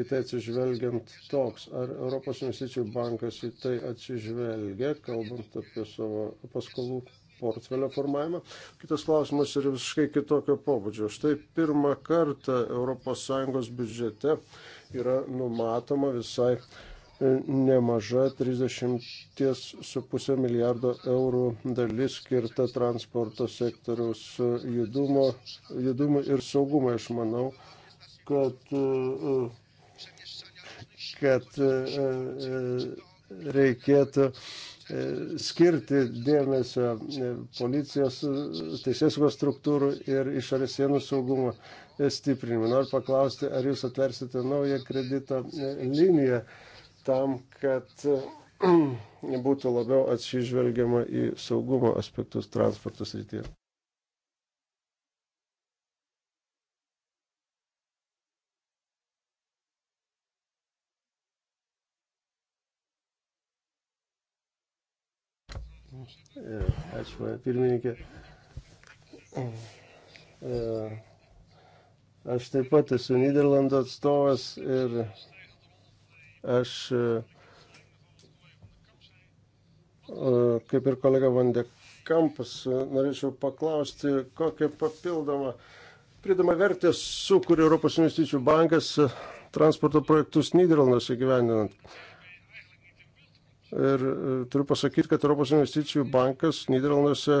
į tai atsižvelgiant toks, ar Europos investicijų bankas į tai atsižvelgia, kalbant apie savo paskolų portfelio formavimą. Kitas klausimas yra visiškai kitokio pobūdžio. Štai pirmą kartą ES biudžete yra numatoma visai e, nemaža 30,5 milijardo eurų dalis skirta transporto sektoriaus e, judumo, judumui ir saugumui. Aš manau, kad uh, kad e, e, reikėtų e, skirti dėmesio policijos, teisėsaugos struktūrų ir išorės sienų saugumo stiprinimui. Noriu paklausti, ar jūs atversite naują kredito liniją tam, kad būtų labiau atsižvelgiama į saugumo aspektus transporto srityje. Ačiū, mane pirmininkė. E, aš taip pat esu Niderlandų atstovas ir aš, e, e, kaip ir kolega Vandė Kampas, norėčiau paklausti, kokią papildomą pridamą vertę sukuria Europos investicijų bankas transporto projektus Niderlanduose gyvendinant. Ir e, turiu pasakyti, kad Europos investicijų bankas Niderlanduose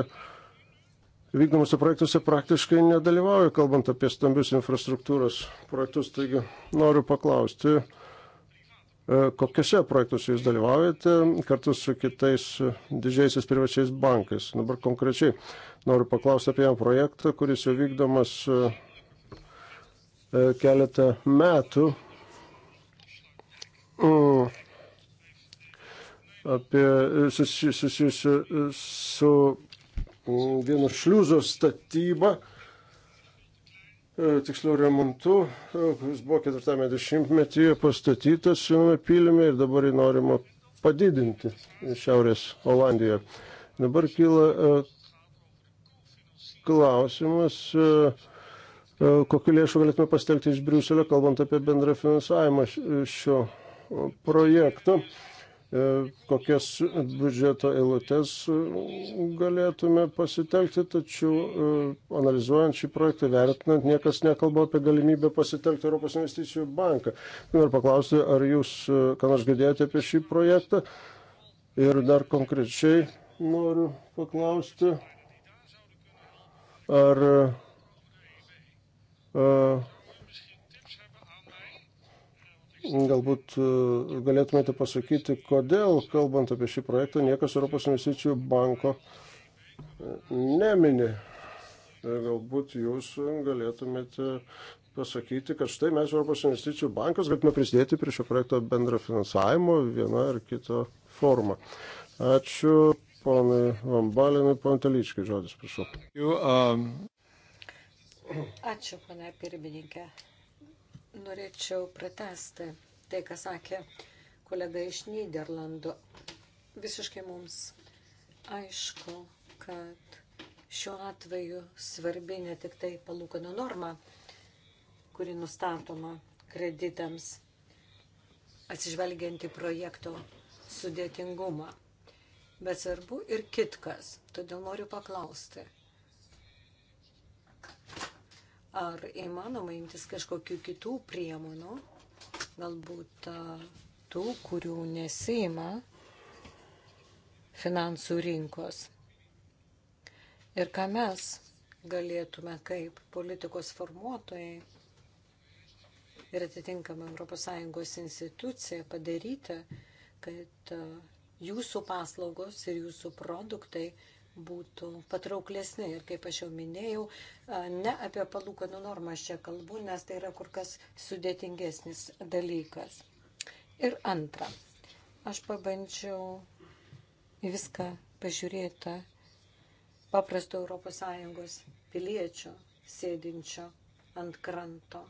vykdomuose projektuose praktiškai nedalyvauja, kalbant apie stambius infrastruktūros projektus. Taigi noriu paklausti, e, kokiuose projektuose jūs dalyvaujate kartu su kitais didžiaisiais privačiais bankais. Dabar konkrečiai noriu paklausti apie projektą, kuris jau vykdomas e, keletą metų. Mm apie e, susijusiu e, su e, vieno šliuzo statyba, tiksliau remontu, kuris buvo 40-metyje pastatytas viename pilime ir dabar jį norima padidinti Šiaurės Olandijoje. Dabar kyla klausimas, kokiu lėšų galėtume pastelgti iš Briuselio, kalbant apie bendrą finansavimą šio projekto. E, kokias biudžeto eilutes e, galėtume pasitelkti, tačiau e, analizuojant šį projektą, vertinant, niekas nekalba apie galimybę pasitelkti Europos investicijų banką. Noriu paklausti, ar jūs, ką nors girdėjote apie šį projektą ir dar konkrečiai noriu paklausti, ar uh, Galbūt e, galėtumėte pasakyti, kodėl, kalbant apie šį projektą, niekas Europos investicijų banko e, nemini. E, galbūt jūs galėtumėte pasakyti, kad štai mes Europos investicijų bankas galime prisidėti prie šio projekto bendro finansavimo viena ar kita forma. Ačiū ponui Vambalinui, ponui Telyčkai, žodis, prašau. Um, Ačiū, ponia pirmininkė. Norėčiau pratesti tai, ką sakė kolega iš Niderlandų. Visiškai mums aišku, kad šiuo atveju svarbi ne tik tai palūkanų norma, kuri nustatoma kreditams, atsižvelgianti projekto sudėtingumą. Bet svarbu ir kitkas. Todėl noriu paklausti, Ar įmanoma imtis kažkokių kitų priemonų, galbūt tų, kurių nesima finansų rinkos? Ir ką mes galėtume kaip politikos formuotojai ir atitinkama ES institucija padaryti, kad jūsų paslaugos ir jūsų produktai būtų patrauklesni. Ir kaip aš jau minėjau, ne apie palūkanų normą aš čia kalbu, nes tai yra kur kas sudėtingesnis dalykas. Ir antra, aš pabandžiau į viską pažiūrėti paprasto ES piliečio sėdinčio ant kranto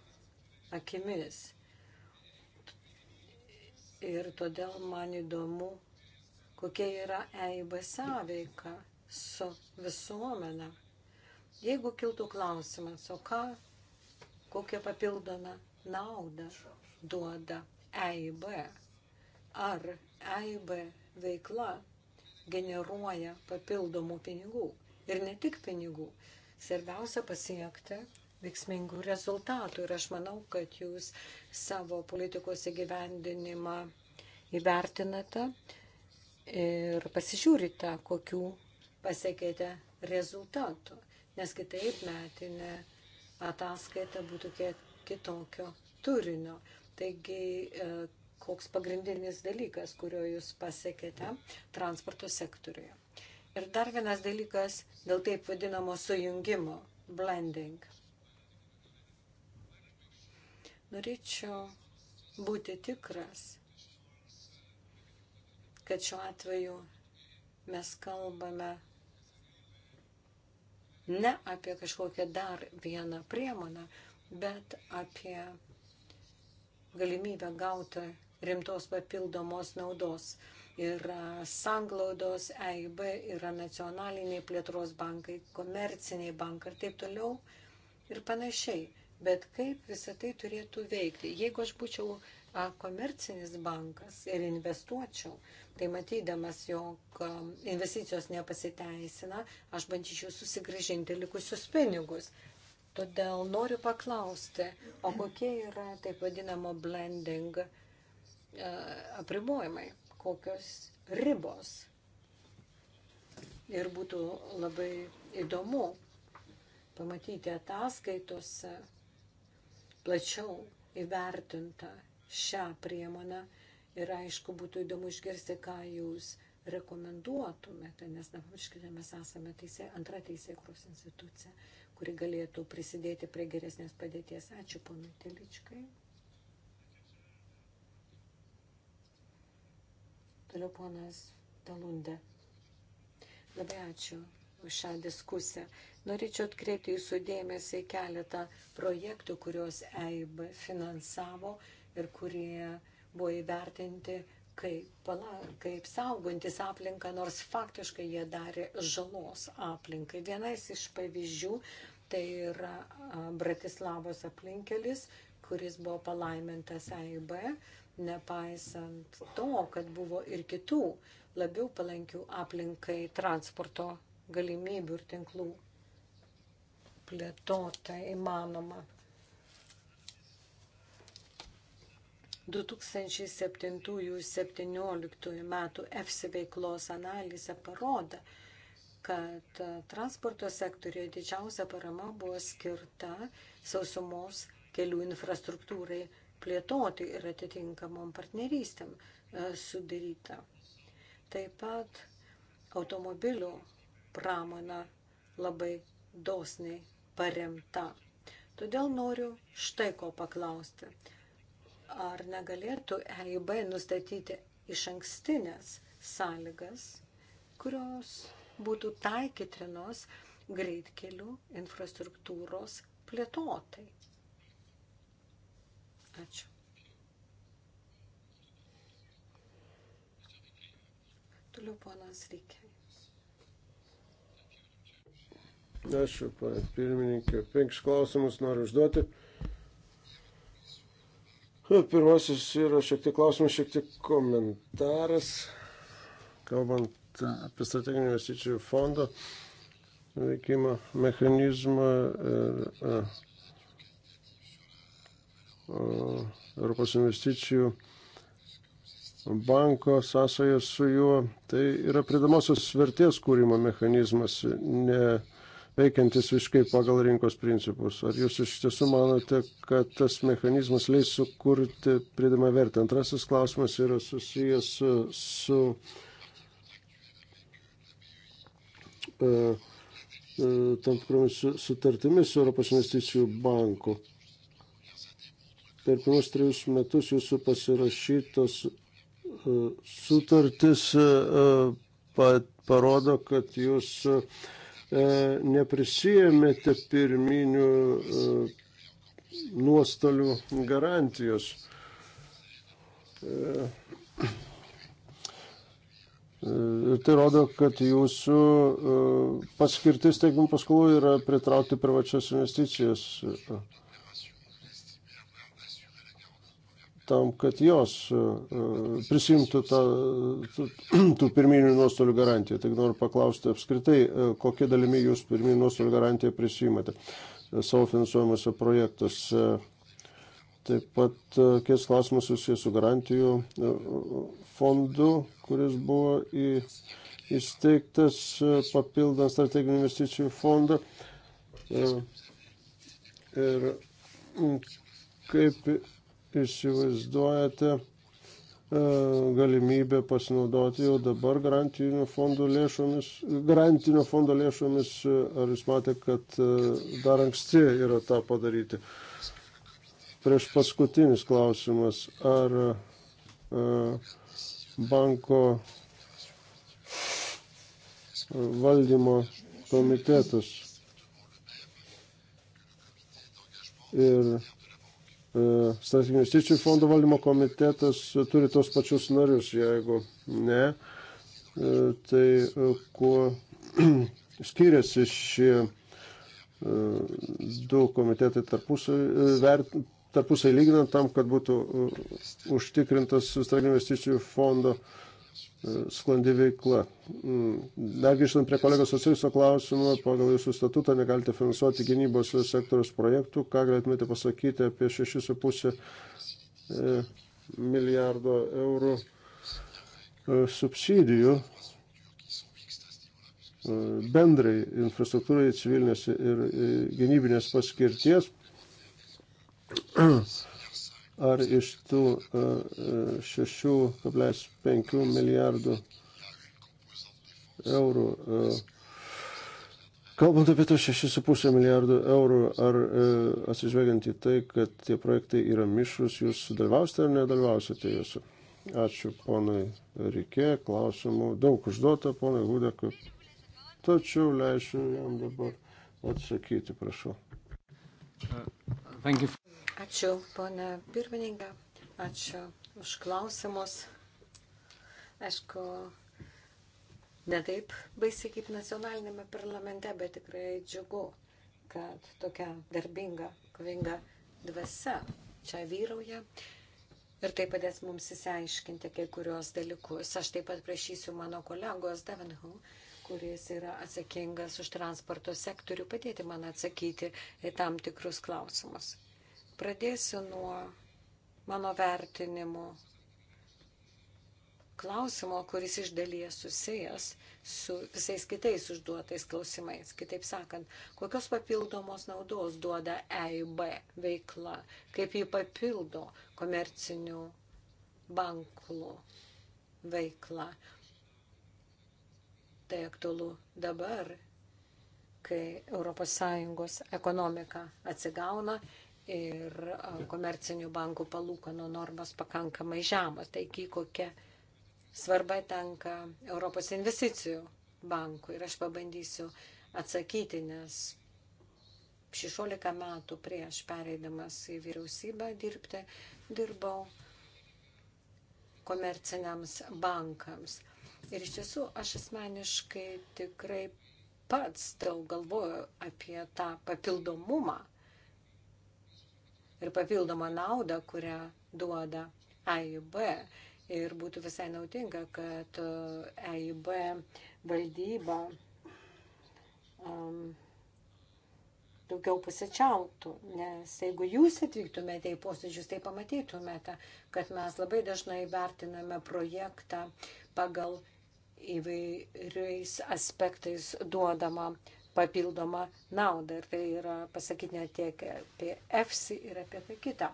akimis. Ir todėl man įdomu, kokia yra EIB sąveika su visuomenė, jeigu kiltų klausimas, o ką, kokią papildomą naudą duoda EIB, ar EIB veikla generuoja papildomų pinigų ir ne tik pinigų. Svarbiausia pasiekti veiksmingų rezultatų ir aš manau, kad jūs savo politikos įgyvendinimą įvertinate ir pasižiūrite, kokių pasiekėte rezultatų, nes kitaip metinė ataskaita būtų kiek kitokio turinio. Taigi, e, koks pagrindinis dalykas, kurio jūs pasiekėte transporto sektoriuje. Ir dar vienas dalykas dėl taip vadinamo sujungimo, blending. Norėčiau būti tikras, kad šiuo atveju mes kalbame ne apie kažkokią dar vieną priemonę, bet apie galimybę gauti rimtos papildomos naudos. Yra sanglaudos, EIB, yra nacionaliniai plėtros bankai, komerciniai bankai ir taip toliau ir panašiai. Bet kaip visą tai turėtų veikti? Jeigu aš būčiau komercinis bankas ir investuočiau. Tai matydamas, jog um, investicijos nepasiteisina, aš bandyčiau susigražinti likusius pinigus. Todėl noriu paklausti, o kokie yra taip vadinamo blending e, apribojimai, kokios ribos. Ir būtų labai įdomu pamatyti ataskaitose plačiau įvertintą šią priemonę ir aišku būtų įdomu išgirsti, ką jūs rekomenduotumėte, nes nepamirškite, mes esame teisė, antra teisėkros institucija, kuri galėtų prisidėti prie geresnės padėties. Ačiū, ponai Teličkai. Toliau ponas Talundė. Labai ačiū už šią diskusiją. Norėčiau atkreipti jūsų dėmesį į keletą projektų, kuriuos EIB finansavo ir kurie buvo įvertinti kaip, pala, kaip saugantis aplinką, nors faktiškai jie darė žalos aplinkai. Vienas iš pavyzdžių tai yra Bratislavos aplinkelis, kuris buvo palaimintas AIB, nepaisant to, kad buvo ir kitų labiau palankių aplinkai transporto galimybių ir tinklų plėtota įmanoma. 2007-2017 metų EFSI veiklos analizė parodė, kad transporto sektoriuje didžiausia parama buvo skirta sausumos kelių infrastruktūrai plėtoti ir atitinkamom partnerystėm e, sudaryta. Taip pat automobilių pramona labai dosniai paremta. Todėl noriu štai ko paklausti ar negalėtų EIB nustatyti iš ankstinės sąlygas, kurios būtų taikytinos greitkelių infrastruktūros plėtotai. Ačiū. Toliau ponas Rykiai. Ačiū, pirmininkė. Penkis klausimus noriu užduoti. Nu, pirmasis yra šiek tiek klausimas, šiek tiek komentaras, kalbant apie strateginį investicijų fondą veikimo mechanizmą ir e, e, Europos investicijų banko sąsajas su juo. Tai yra pridamosios vertės kūrimo mechanizmas, ne veikiantis visiškai pagal rinkos principus. Ar jūs iš tiesų manote, kad tas mechanizmas leis sukurti pridamą vertę? Antrasis klausimas yra susijęs su, su uh, uh, tam tikromis sutartimis su Europos investicijų banku. Per pirmus trejus metus jūsų pasirašytos uh, e, sutartis uh, pat, parodo, kad jūs uh, E, neprisijėmėte pirminių e, nuostolių garantijos. Ir e, tai rodo, kad jūsų paskirtis teikimų paskolų yra pritraukti privačias investicijas. tam, kad jos e, e, prisimtų tą, tų, tų pirminių nuostolių garantiją. Tik noriu paklausti apskritai, e, kokie dalimi jūs pirminių nuostolių garantiją prisimate savo finansuojamuose projektuose. Taip pat kies klausimas susijęs su garantijų fondu, kuris buvo į, įsteigtas papildant strateginių investicijų fondą. Ir kaip įsivaizduojate e, galimybę pasinaudoti jau dabar garantinio fondo lėšomis, garantinio fondo lėšomis, ar jūs matėte, kad e, dar anksti yra tą padaryti? Prieš paskutinis klausimas, ar e, banko valdymo komitetas ir E, strateginių investicijų fondo valdymo komitetas turi tos pačius narius. Jeigu ne, e, tai e, kuo skiriasi šie du komitetai tarpusai, tarpusai lyginant tam, kad būtų užtikrintas strateginių investicijų fondo uh, sklandi veikla. Mm. Dar grįžtant prie kolegos Osiruso klausimų, pagal jūsų statutą negalite finansuoti gynybos sektoriaus projektų. Ką galėtumėte pasakyti apie 6,5 e, milijardo eurų e, subsidijų e, bendrai infrastruktūrai civilinės ir gynybinės paskirties? ar iš tų 6,5 e, e, milijardų eurų, e, kalbant apie tos 6,5 milijardų eurų, ar atsižvelgiant į tai, kad tie projektai yra mišrus, jūs dalyvausite ar nedalyvausite jūsų? Ačiū ponui Rikė, klausimų daug užduota ponui Hudekui, tačiau leisiu jam dabar atsakyti, prašau. Uh. Ačiū, ponė pirmininkė. Ačiū už klausimus. Aišku, ne taip baisiai kaip nacionalinėme parlamente, bet tikrai džiugu, kad tokia darbinga, kovinga dvasia čia vyrauja. Ir tai padės mums įsiaiškinti kai kurios dalykus. Aš taip pat prašysiu mano kolegos Davenhu kuris yra atsakingas už transporto sektorių, padėti man atsakyti į tam tikrus klausimus. Pradėsiu nuo mano vertinimo klausimo, kuris iš dalies susijęs su visais kitais užduotais klausimais. Kitaip sakant, kokios papildomos naudos duoda EIB veikla, kaip jį papildo komercinių bankų veikla. Tai aktualu dabar, kai ES ekonomika atsigauna ir komercinių bankų palūkanų normas pakankamai žemos. Taigi, kokia svarba tenka Europos investicijų bankui. Ir aš pabandysiu atsakyti, nes 16 metų prieš pereidamas į vyriausybę dirbti dirbau komerciniams bankams. Ir iš tiesų aš asmeniškai tikrai pats daug galvoju apie tą papildomumą ir papildomą naudą, kurią duoda AIB. Ir būtų visai naudinga, kad e, AIB valdyba um, daugiau pusičiautų, nes jeigu jūs atvyktumėte į posėdžius, tai pamatytumėte, kad mes labai dažnai vertiname projektą pagal įvairiais aspektais duodama papildomą naudą. Ir tai yra pasakyti ne tiek apie EFSI ir apie tą tai kitą,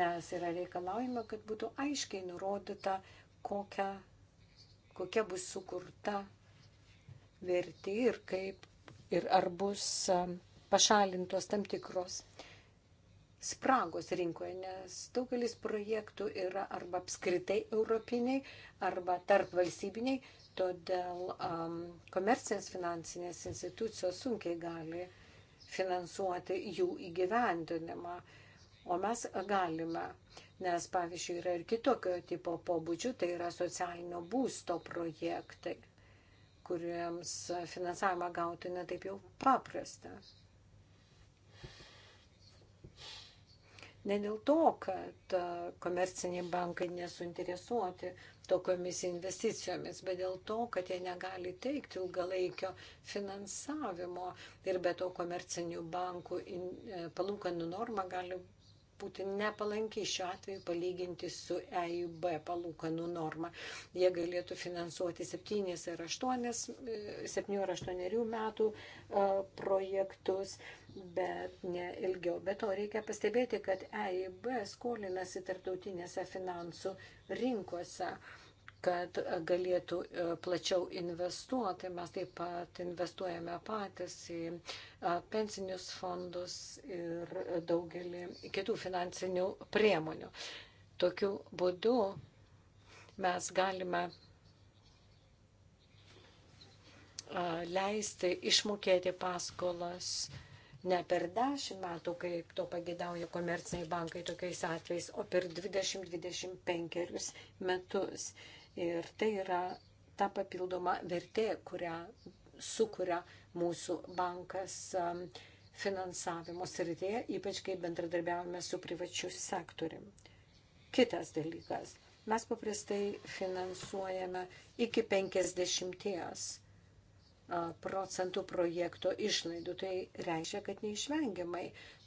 nes yra reikalaujama, kad būtų aiškiai nurodyta, kokia, kokia bus sukurta vertė ir kaip ir ar bus um, pašalintos tam tikros spragos rinkoje, nes daugelis projektų yra arba apskritai europiniai, arba tarp valstybiniai, Todėl um, komercinės finansinės institucijos sunkiai gali finansuoti jų įgyvendinimą. O mes galime, nes pavyzdžiui yra ir kitokio tipo pobūdžių, tai yra socialinio būsto projektai, kuriems finansavimą gauti netaip jau paprasta. Ne dėl to, kad e, komerciniai bankai nesuinteresuoti tokiomis investicijomis, bet dėl to, kad jie negali teikti ilgalaikio finansavimo ir be to komercinių bankų e, palūkanų norma gali būti nepalanki šiuo atveju palyginti su EIB palūkanų norma. Jie galėtų finansuoti 7 ar 8, 7 e, ar 8 metų e, projektus, bet ne ilgiau. Bet to reikia pastebėti, kad EIB skolinasi tarptautinėse finansų rinkose. Uh, kad galėtų e, plačiau investuoti. Mes taip pat investuojame patys į e, pensinius fondus ir daugelį kitų finansinių priemonių. Tokiu būdu mes galime e, leisti išmokėti paskolas ne per 10 metų, kaip to pagėdauja komerciniai bankai tokiais atvejais, o per 20-25 metus. Ir tai yra ta papildoma vertė, kurią sukuria mūsų bankas um, finansavimo srityje, ypač kai bendradarbiavame su privačiu sektoriumi. Kitas dalykas. Mes paprastai finansuojame iki 50 procentų projekto išlaidų. Tai reiškia, kad neišvengiamai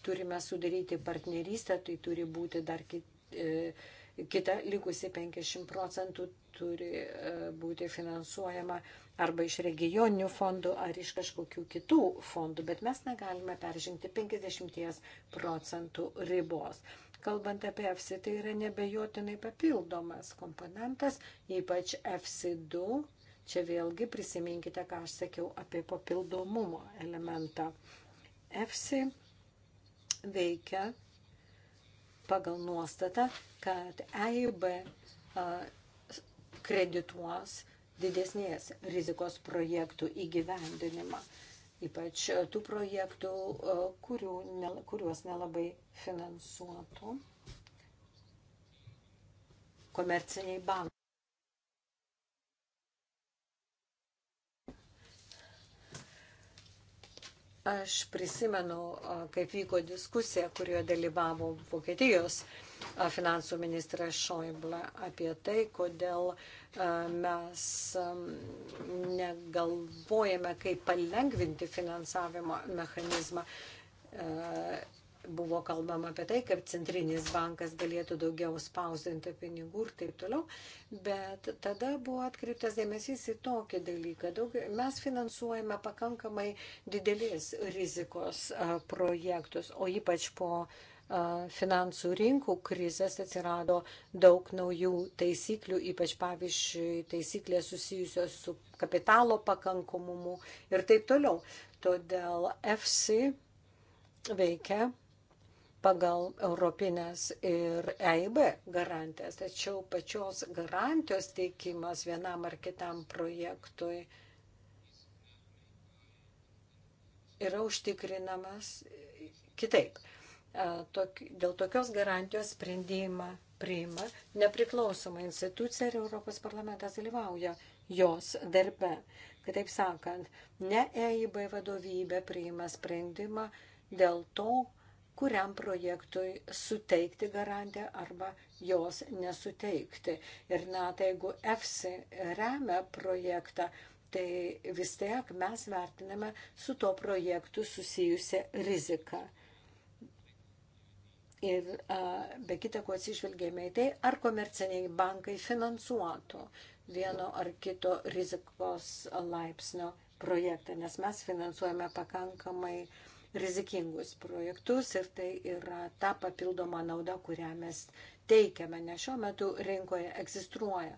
turime sudaryti partnerystę, tai turi būti dar kit, e, kita likusi 50 procentų turi e, būti finansuojama arba iš regioninių fondų, ar iš kažkokių kitų fondų, bet mes negalime peržengti 50 procentų ribos. Kalbant apie FC, tai yra nebejotinai papildomas komponentas, ypač FC2. Čia vėlgi prisiminkite, ką aš sakiau apie papildomumo elementą. FC veikia pagal nuostatą, kad EIB kredituos didesnės rizikos projektų įgyvendinimą, ypač tų projektų, kurių, ne, kuriuos nelabai finansuotų komerciniai bankai. Aš prisimenu, kaip vyko diskusija, kurioje dalyvavo Vokietijos finansų ministras Šoibla apie tai, kodėl mes negalvojame, kaip palengvinti finansavimo mechanizmą buvo kalbama apie tai, kaip centrinis bankas galėtų daugiau spausdinti pinigų ir taip toliau, bet tada buvo atkreiptas dėmesys į tokį dalyką. Daug, mes finansuojame pakankamai didelės rizikos projektus, o ypač po finansų rinkų krizės atsirado daug naujų taisyklių, ypač pavyzdžiui taisyklės susijusios su kapitalo pakankamumu ir taip toliau. Todėl FC veikia pagal Europinės ir EIB garantijas. Tačiau pačios garantijos teikimas vienam ar kitam projektui yra užtikrinamas kitaip. Dėl tokios garantijos sprendimą priima nepriklausoma institucija ir Europos parlamentas dalyvauja jos darbe. Kitaip sakant, ne EIB vadovybė priima sprendimą dėl to, kuriam projektui suteikti garantiją arba jos nesuteikti. Ir net jeigu EFSI remia projektą, tai vis tiek mes vertiname su to projektu susijusią riziką. Ir a, be kita ko atsižvelgėme į tai, ar komerciniai bankai finansuotų vieno ar kito rizikos laipsnio projektą, nes mes finansuojame pakankamai uh, rizikingus projektus ir tai yra ta papildoma nauda, kurią mes teikiame, nes šiuo metu rinkoje egzistuoja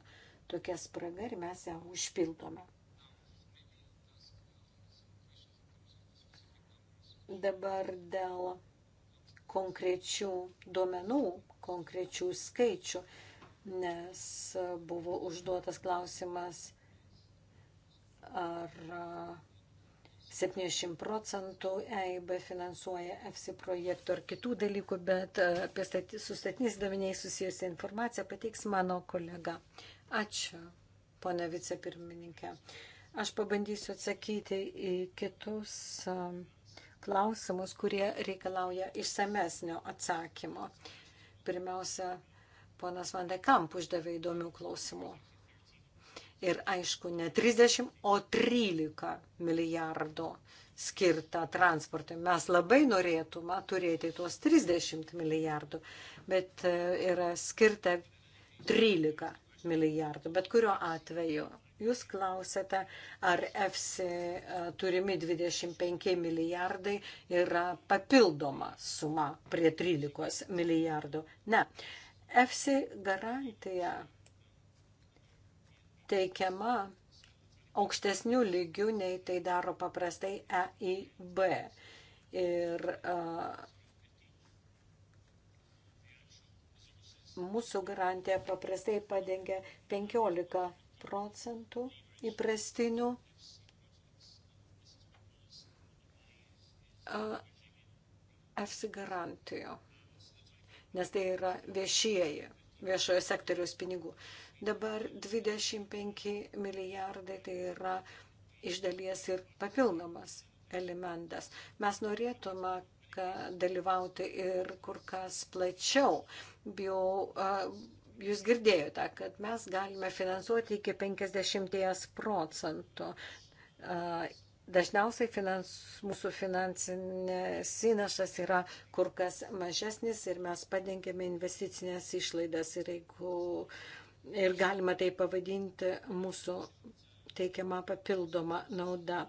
tokia spraga ir mes ją užpildome. Dabar dėl konkrečių duomenų, konkrečių skaičių, nes buvo užduotas klausimas, ar 70 procentų EIB finansuoja EFSI projektų ar kitų dalykų, bet e, apie stati, su statiniais daviniais susijusią informaciją pateiks mano kolega. Ačiū, ponia vicepirmininkė. Aš pabandysiu atsakyti į kitus e, klausimus, kurie reikalauja išsamesnio atsakymo. Pirmiausia, ponas Vandekamp uždavė įdomių klausimų ir aišku ne 30, o 13 milijardo skirta transportui. Mes labai norėtume turėti tuos 30 milijardų, bet e, yra skirta 13 milijardų. Bet kuriuo atveju jūs klausėte, ar EFSI turimi 25 milijardai yra papildoma suma prie 13 milijardų. Ne. EFSI garantija teikiama aukštesnių lygių, nei tai daro paprastai EIB. Ir mūsų garantija paprastai padengia 15 procentų įprastinių EFSI garantijų, nes tai yra viešieji, viešojo sektoriaus pinigų. Uh, Dabar 25 milijardai tai yra iš dalies ir papildomas elementas. Mes norėtume dalyvauti ir kur kas plačiau. Bio, jūs girdėjote, kad mes galime finansuoti iki 50 procentų. Dažniausiai finans, mūsų finansinės įnašas yra kur kas mažesnis ir mes padengėme investicinės išlaidas ir jeigu uh, ir galima tai pavadinti mūsų teikiama papildoma nauda.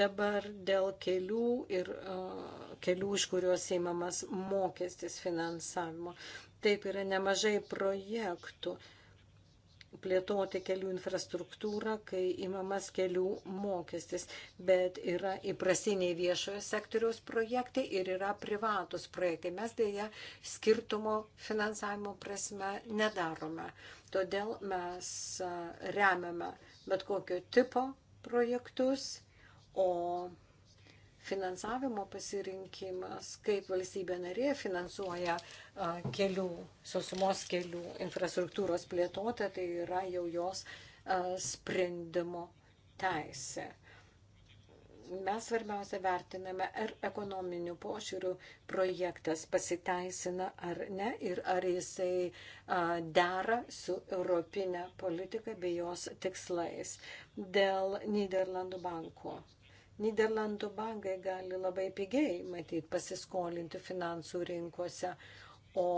Dabar dėl kelių ir uh, kelių, iš kuriuos įmamas mokestis finansavimo. Taip yra nemažai projektų plėtoti kelių infrastruktūrą, kai įmamas kelių mokestis, bet yra įprasiniai viešojo sektoriaus projektai ir yra privatus projektai. Mes dėja skirtumo finansavimo prasme nedarome. Uh, Todėl mes remiame bet kokio tipo projektus, o finansavimo pasirinkimas, kaip valstybė narė finansuoja kelių, sausumos kelių infrastruktūros plėtotę, tai yra jau jos sprendimo teisė mes svarbiausia vertiname, ar ekonominių pošiūrių projektas pasiteisina ar ne ir ar jisai dera su europinė politika bei jos tikslais. Dėl Niderlandų banko. Niderlandų bankai gali labai pigiai, matyt, pasiskolinti finansų rinkose, o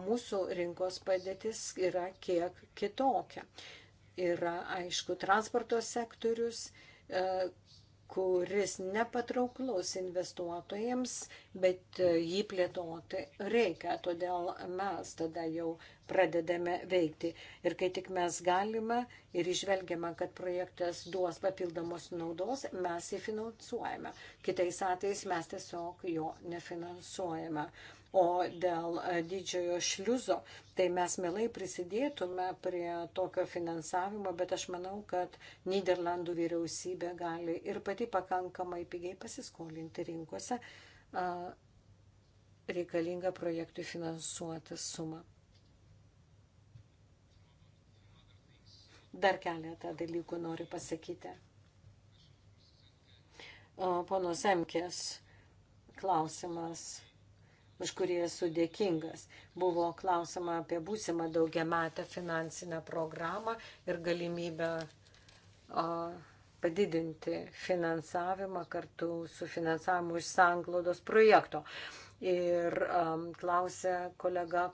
mūsų rinkos padėtis yra kiek kitokia. Yra, aišku, transporto sektorius, e, kuris nepatrauklus investuotojams, bet jį plėtoti reikia, todėl mes tada jau pradedame veikti. Ir kai tik mes galime ir išvelgiame, kad projektas duos papildomos naudos, mes jį finansuojame. Kitais atvejais mes tiesiog jo nefinansuojame. O dėl e, didžiojo šliuzo, tai mes mielai prisidėtume prie tokio finansavimo, bet aš manau, kad Niderlandų vyriausybė gali ir pati pakankamai pigiai pasiskolinti rinkose reikalingą projektui finansuoti sumą. Dar keletą dalykų noriu pasakyti. Pono Zemkės klausimas už kurį esu dėkingas. Buvo klausima apie būsimą daugiametę finansinę programą ir galimybę padidinti finansavimą kartu su finansavimu iš sanglaudos projekto. Ir um, klausė kolega,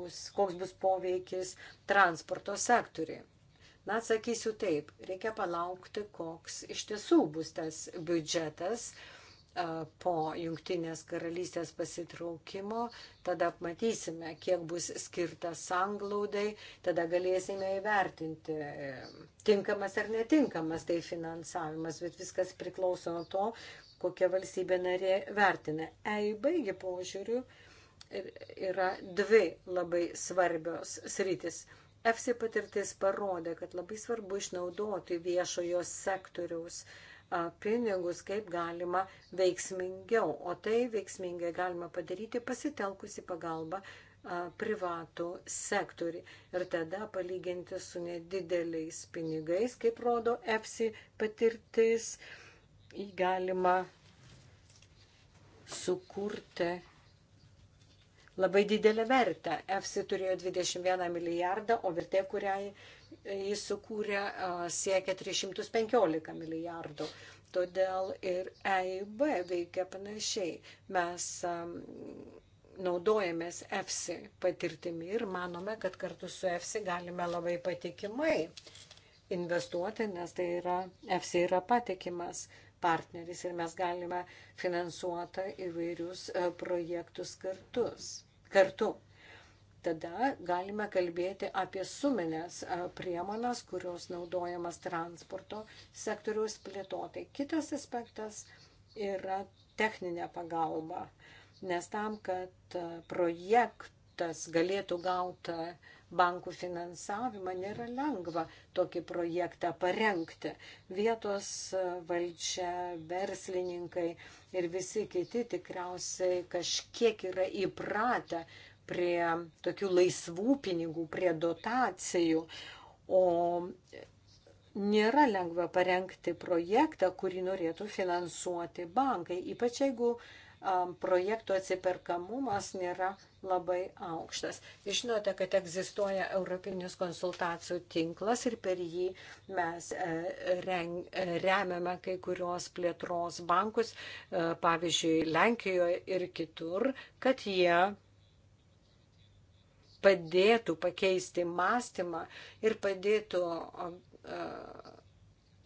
bus, koks bus poveikis transporto sektoriai. Na, atsakysiu taip, reikia palaukti, koks iš tiesų bus tas biudžetas, uh, po jungtinės karalystės pasitraukimo, tada matysime, kiek bus skirta sanglaudai, tada galėsime įvertinti, e, tinkamas ar netinkamas tai finansavimas, bet viskas priklauso nuo to, kokia valstybė narė vertina. Eibaigi požiūriu yra dvi labai svarbios sritis. EFSI patirtis parodė, kad labai svarbu išnaudoti viešojo sektoriaus uh, pinigus kaip galima veiksmingiau. O tai veiksmingai galima padaryti pasitelkusi pagalbą privatų sektorių ir tada palyginti su nedideliais pinigais, kaip rodo EFSI patirtis, galima sukurti labai didelę vertę. EFSI turėjo 21 milijardą, o vertė, kuriai jis sukūrė siekia 315 milijardų. Todėl ir EIB veikia panašiai. Mes naudojamės EFSI patirtimi ir manome, kad kartu su EFSI galime labai patikimai investuoti, nes tai yra, EFSI yra patikimas partneris ir mes galime finansuoti įvairius projektus kartus, kartu tada galime kalbėti apie suminės e, priemonas, kurios naudojamas transporto sektoriaus plėtotai. Kitas aspektas yra techninė pagalba, nes tam, kad e, projektas galėtų gauti bankų finansavimą, nėra lengva tokį projektą parengti. Vietos e, valdžia, verslininkai ir visi kiti tikriausiai kažkiek yra įpratę prie tokių laisvų pinigų, prie dotacijų, o nėra lengva parengti projektą, kurį norėtų finansuoti bankai, ypač jeigu projektų atsiperkamumas nėra labai aukštas. Žinote, kad egzistuoja Europinis konsultacijų tinklas ir per jį mes e, e, remiame kai kurios plėtros bankus, e, pavyzdžiui, Lenkijoje ir kitur, kad jie padėtų pakeisti mąstymą ir padėtų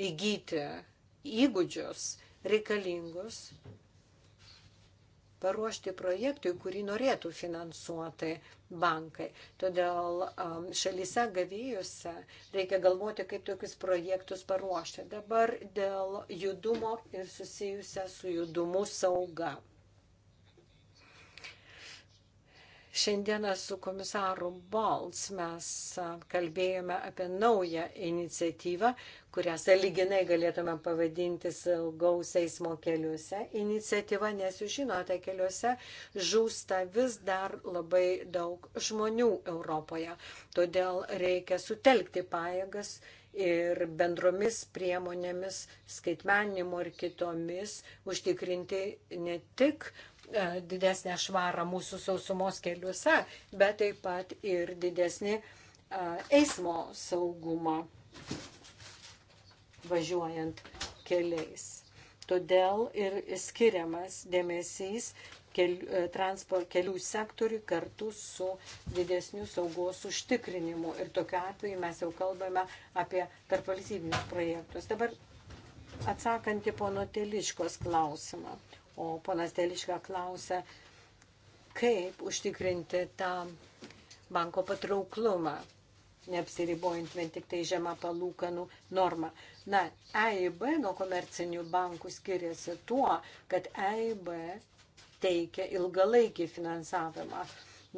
įgyti įgūdžius reikalingus paruošti projektui, kurį norėtų finansuoti bankai. Todėl šalyse gavėjose reikia galvoti, kaip tokius projektus paruošti. Dabar dėl judumo ir susijusia su judumu sauga. Šiandieną su komisaru Balts mes kalbėjome apie naują iniciatyvą, kurią saliginai galėtume pavadinti saugaus eismo keliuose. Iniciatyva, nes jūs žinote, keliuose žūsta vis dar labai daug žmonių Europoje. Todėl reikia sutelkti pajėgas ir bendromis priemonėmis, skaitmenimo ir kitomis užtikrinti ne tik uh, E, didesnę švarą mūsų sausumos keliuose, bet taip pat ir didesnį e, eismo saugumą važiuojant keliais. Todėl ir skiriamas dėmesys kelių, e, kelių sektoriui kartu su didesniu saugos užtikrinimu. Ir tokiu atveju mes jau kalbame apie tarpvalstybinius projektus. Dabar atsakant į pono Teliškos klausimą. O ponas Deliška klausia, kaip užtikrinti tą banko patrauklumą, neapsiribojant vien tik tai žemą palūkanų normą. Na, EIB nuo komercinių bankų skiriasi tuo, kad EIB teikia ilgalaikį finansavimą,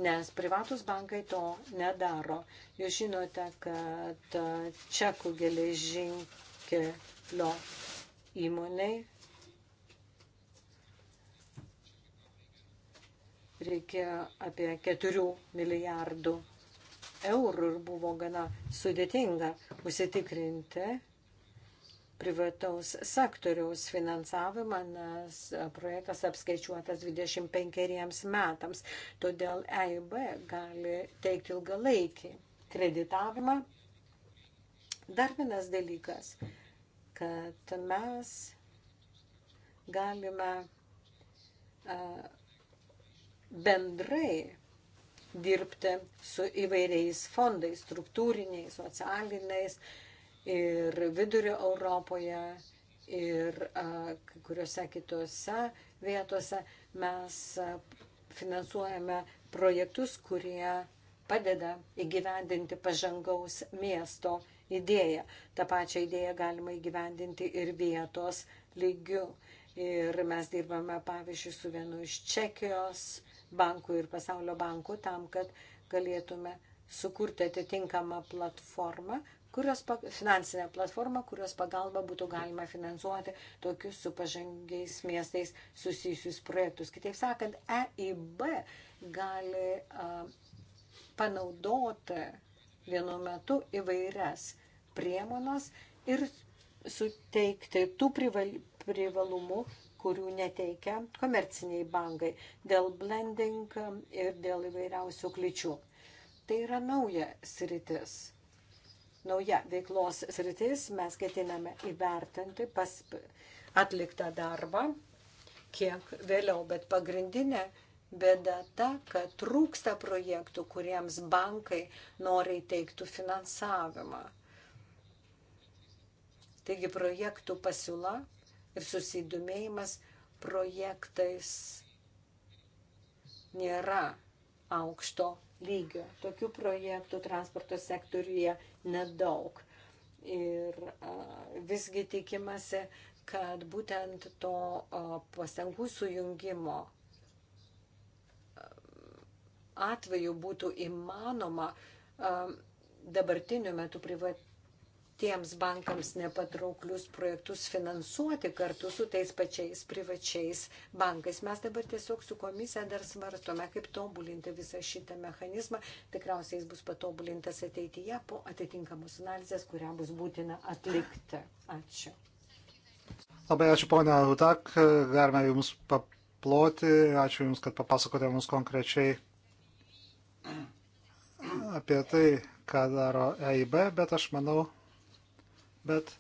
nes privatus bankai to nedaro. Jūs žinote, kad e, čekų geležinkelio įmoniai reikėjo apie 4 milijardų eurų ir buvo gana sudėtinga užsitikrinti privataus sektoriaus finansavimą, nes projektas apskaičiuotas 25 metams. Todėl EIB gali teikti ilgalaikį kreditavimą. Dar vienas dalykas, kad mes galime bendrai dirbti su įvairiais fondais, struktūriniais, socialiniais ir vidurio Europoje ir kai kuriuose kitose vietose mes finansuojame projektus, kurie padeda įgyvendinti pažangaus miesto idėją. Ta pačią idėją galima įgyvendinti ir vietos lygių. Ir mes dirbame, pavyzdžiui, su vienu iš Čekijos bankų ir pasaulio bankų tam, kad galėtume sukurti atitinkamą platformą, kurios, finansinę platformą, kurios pagalba būtų galima finansuoti tokius su pažangiais miestais susijusius projektus. Kitaip sakant, EIB gali uh, panaudoti vienu metu įvairias priemonas ir suteikti tų privalumų, kurių neteikia komerciniai bankai dėl blending ir dėl įvairiausių kličių. Tai yra nauja sritis. Nauja veiklos sritis mes ketiname įvertinti pas atliktą darbą kiek vėliau, bet pagrindinė bėda ta, kad trūksta projektų, kuriems bankai noriai teiktų finansavimą. Taigi projektų pasiūla ir susidomėjimas projektais nėra aukšto lygio. Tokių projektų transporto sektoriuje nedaug. Ir a, visgi tikimasi, kad būtent to pasangų sujungimo atveju būtų įmanoma dabartiniu metu privat, tiems bankams nepatrauklius projektus finansuoti kartu su tais pačiais privačiais bankais. Mes dabar tiesiog su komisija dar svarstome, kaip tobulinti visą šitą mechanizmą. Tikriausiai jis bus patobulintas ateityje po atitinkamos analizės, kurią bus būtina atlikti. Ačiū. Labai ačiū ponia Hudak, galime Jums paploti, ačiū Jums, kad papasakote mums konkrečiai apie tai, ką daro EIB, bet aš manau, bet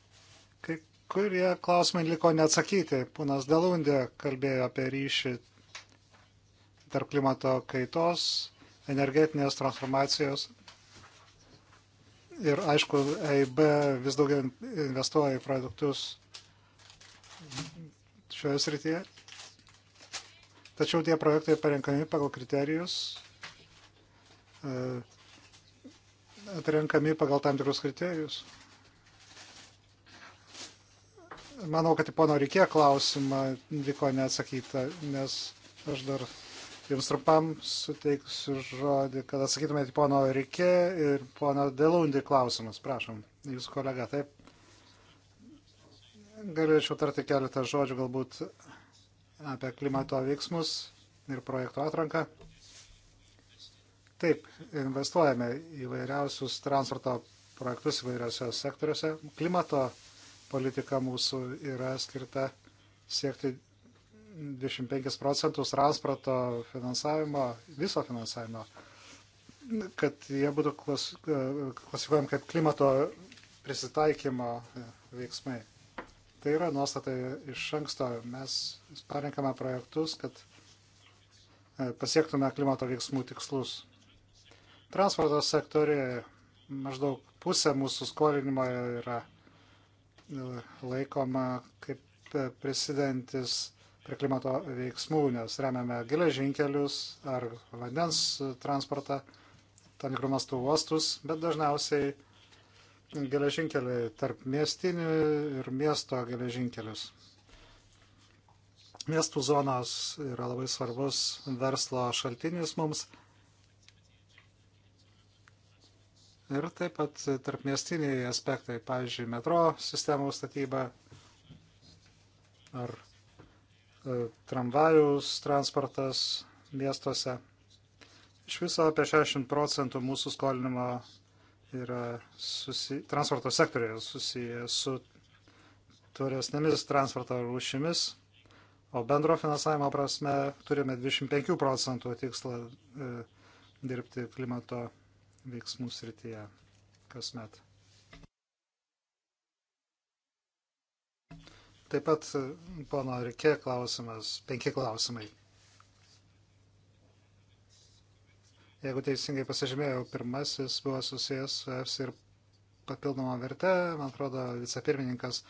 kai kurie klausimai liko neatsakyti. Pūnas Dalundė kalbėjo apie ryšį tarp klimato kaitos, energetinės transformacijos ir aišku, EIB vis daugiau investuoja į produktus šioje srityje. Tačiau tie projektai parenkami pagal kriterijus, e, atrenkami pagal tam tikrus kriterijus manau, kad į pono reikėjo klausimą liko neatsakyta, nes aš dar jums trumpam suteiksiu žodį, kad atsakytumėte į pono reikė ir pono Delundį klausimus. Prašom, jūs kolega, taip. Galėčiau tarti keletą žodžių galbūt apie klimato veiksmus ir projektų atranką. Taip, investuojame įvairiausius transporto projektus įvairiose sektoriuose. Klimato politika mūsų yra skirta siekti 25 procentus transporto finansavimo, viso finansavimo, kad jie būtų klas, klasifikuojami kaip klimato prisitaikymo veiksmai. Tai yra nuostata iš anksto. Mes parenkame projektus, kad e, pasiektume klimato veiksmų tikslus. Transporto sektorija maždaug pusė mūsų skolinimo yra laikoma kaip prisidentis prie klimato veiksmų, nes remiame geležinkelius ar vandens transportą, tam tikrų mastų uostus, bet dažniausiai geležinkeliai tarp miestinių ir miesto geležinkelius. Miestų zonos yra labai svarbus verslo šaltinis mums Ir taip pat tarpmiestiniai aspektai, pavyzdžiui, metro sistemų statyba ar e, tramvajus transportas miestuose. Iš viso apie 60 procentų mūsų skolinimo yra susi, transporto sektorėje susiję su tvaresnėmis transporto rūšimis, o bendro finansavimo prasme turime 25 procentų tikslą e, dirbti klimato veiksmų srityje kasmet. Taip pat pono Rikė klausimas, penki klausimai. Jeigu teisingai pasižymėjau, pirmasis buvo susijęs su EFS ir papildoma verte, man atrodo, vicepirmininkas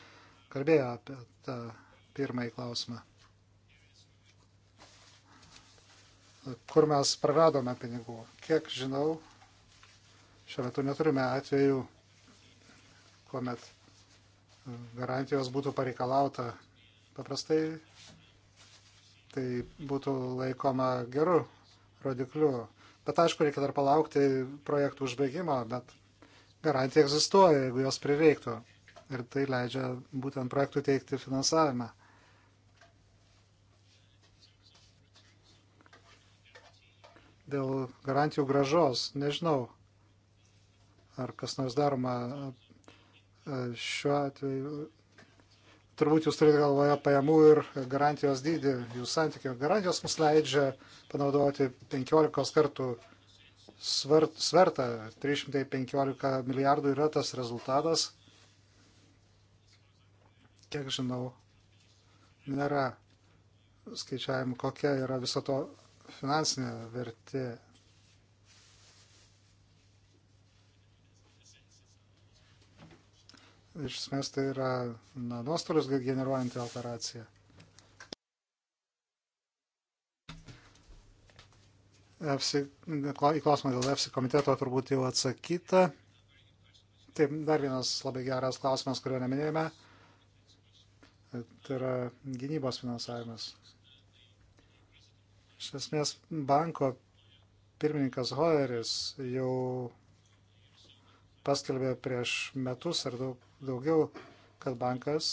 kalbėjo apie tą pirmąjį klausimą. Kur mes praradome pinigų? Kiek žinau, Šiuo metu neturime atvejų, kuomet garantijos būtų pareikalauta. Paprastai tai būtų laikoma geru rodikliu. Bet aišku, reikia dar palaukti projektų užbaigimo, bet garantija egzistuoja, jeigu jos prireiktų. Ir tai leidžia būtent projektų teikti finansavimą. Dėl garantijų gražos, nežinau, ar kas nors daroma e, šiuo atveju. Turbūt jūs turite galvoje pajamų ir garantijos dydį, jų santykio. Garantijos mus leidžia panaudoti 15 kartų svart, svertą. 315 milijardų yra tas rezultatas. Kiek žinau, nėra skaičiavimų, kokia yra viso to finansinė vertė. iš esmės tai yra na, nuostolius generuojanti operacija. EFSI, į klausimą dėl EFSI komiteto turbūt jau atsakyta. Taip, dar vienas labai geras klausimas, kurio neminėjome. Tai yra gynybos finansavimas. Iš esmės, banko pirmininkas Hoeris jau paskelbė prieš metus ar daug daugiau, kad bankas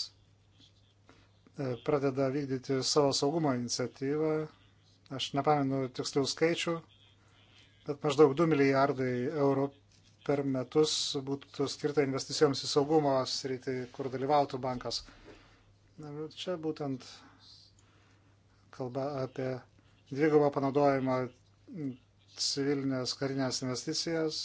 e, pradeda vykdyti savo saugumo iniciatyvą. Aš nepamenu tikslių skaičių, bet maždaug 2 milijardai eurų per metus būtų skirta investicijoms į saugumo sritį, kur dalyvautų bankas. Čia būtent kalba apie dvigubą panaudojimą civilinės karinės investicijas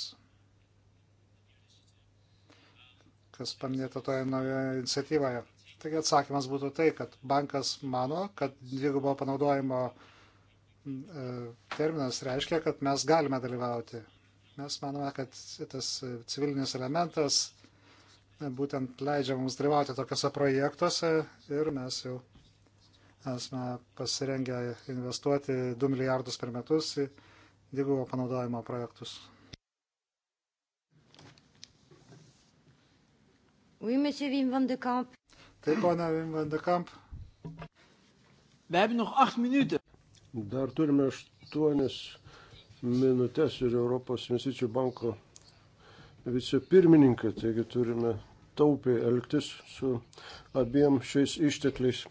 kas paminėta toje naujoje iniciatyvoje. Taigi atsakymas būtų tai, kad bankas mano, kad dvigubo panaudojimo e, terminas reiškia, kad mes galime dalyvauti. Mes manome, kad tas civilinis elementas e, būtent leidžia mums dalyvauti tokiuose projektuose ir mes jau esame pasirengę investuoti 2 milijardus per metus į dvigubo panaudojimo projektus. Oui, monsieur Wim van de Kamp. Taip, pana Wim van de Kamp. We hebben nog acht minuten. Dar turime aštuonis minutės ir Europos investicijų banko vicepirmininką, taigi turime taupiai elgtis su abiem šiais ištekliais.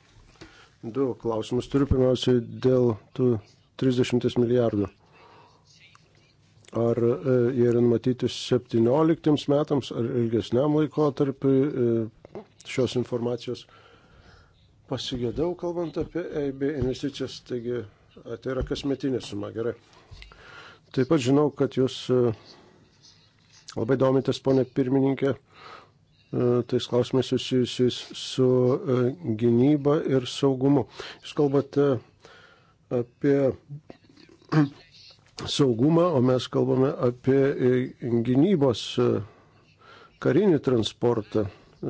Du klausimus turiu pirmiausiai dėl tų 30 milijardų ar e, jie yra numatyti 17 metams ar ilgesniam laikotarpiu. E, šios informacijos pasigėdau, kalbant apie EIB investicijas, taigi tai yra kasmetinė suma, gerai. Taip pat žinau, kad jūs e, labai domitės, ponė pirmininkė, tais klausimais susijusiais su gynyba ir saugumu. Jūs kalbate apie saugumą, o mes kalbame apie e, gynybos e, karinį transportą,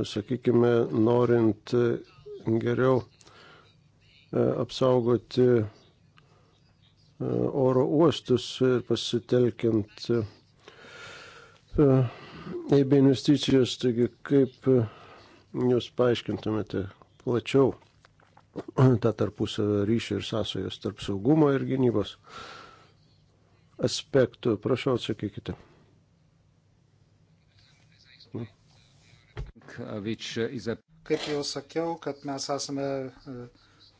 sakykime, norint e, geriau apsaugoti oro uostus ir pasitelkiant EIB investicijas, taigi kaip jūs paaiškintumėte plačiau tą tarpusavio ryšį ir sąsajas tarp saugumo ir gynybos. Uh, aspektų. Prašau atsakykite. Uh, Kaip jau sakiau, kad mes esame e,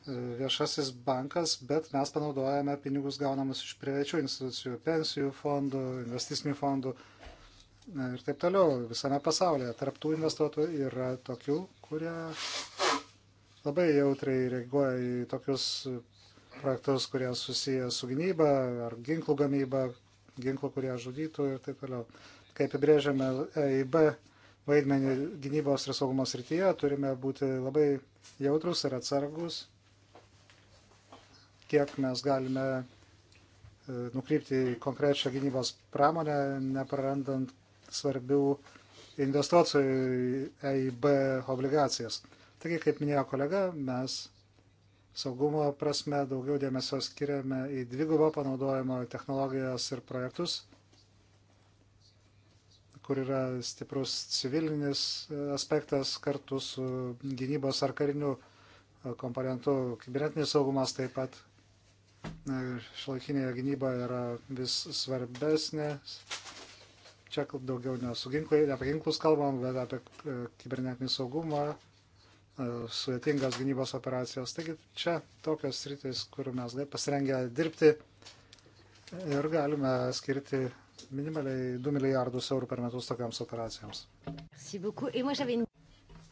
e, viešasis bankas, bet mes panaudojame pinigus gaunamus iš privačių institucijų, pensijų fondų, investicinių fondų ir taip toliau visame pasaulyje. Tarptų investuotojų yra tokių, kurie labai jautriai reaguoja į tokius projektus, kurie susiję su gynyba ar ginklų gamyba, ginklų, kurie žudytų ir taip toliau. Kai apibrėžiame EIB vaidmenį gynybos ir saugumo srityje, turime būti labai jautrus ir atsargus, kiek mes galime e, nukrypti į konkrečią gynybos pramonę, neprarandant svarbių investuotojų EIB obligacijas. Taigi, kaip minėjo kolega, mes Saugumo prasme daugiau dėmesio skiriame į dvigubo panaudojimo technologijas ir projektus, kur yra stiprus civilinis aspektas kartu su gynybos ar kariniu komponentu. Kibernetinis saugumas taip pat šlaikinėje gynyboje yra vis svarbesnė. Čia daugiau ne, ginklai, ne apie ginklus kalbam, bet apie kibernetinį saugumą sudėtingas gynybos operacijos. Taigi čia tokios sritis, kur mes pasirengę dirbti ir galime skirti minimaliai 2 milijardus eurų per metus tokiams operacijoms. Man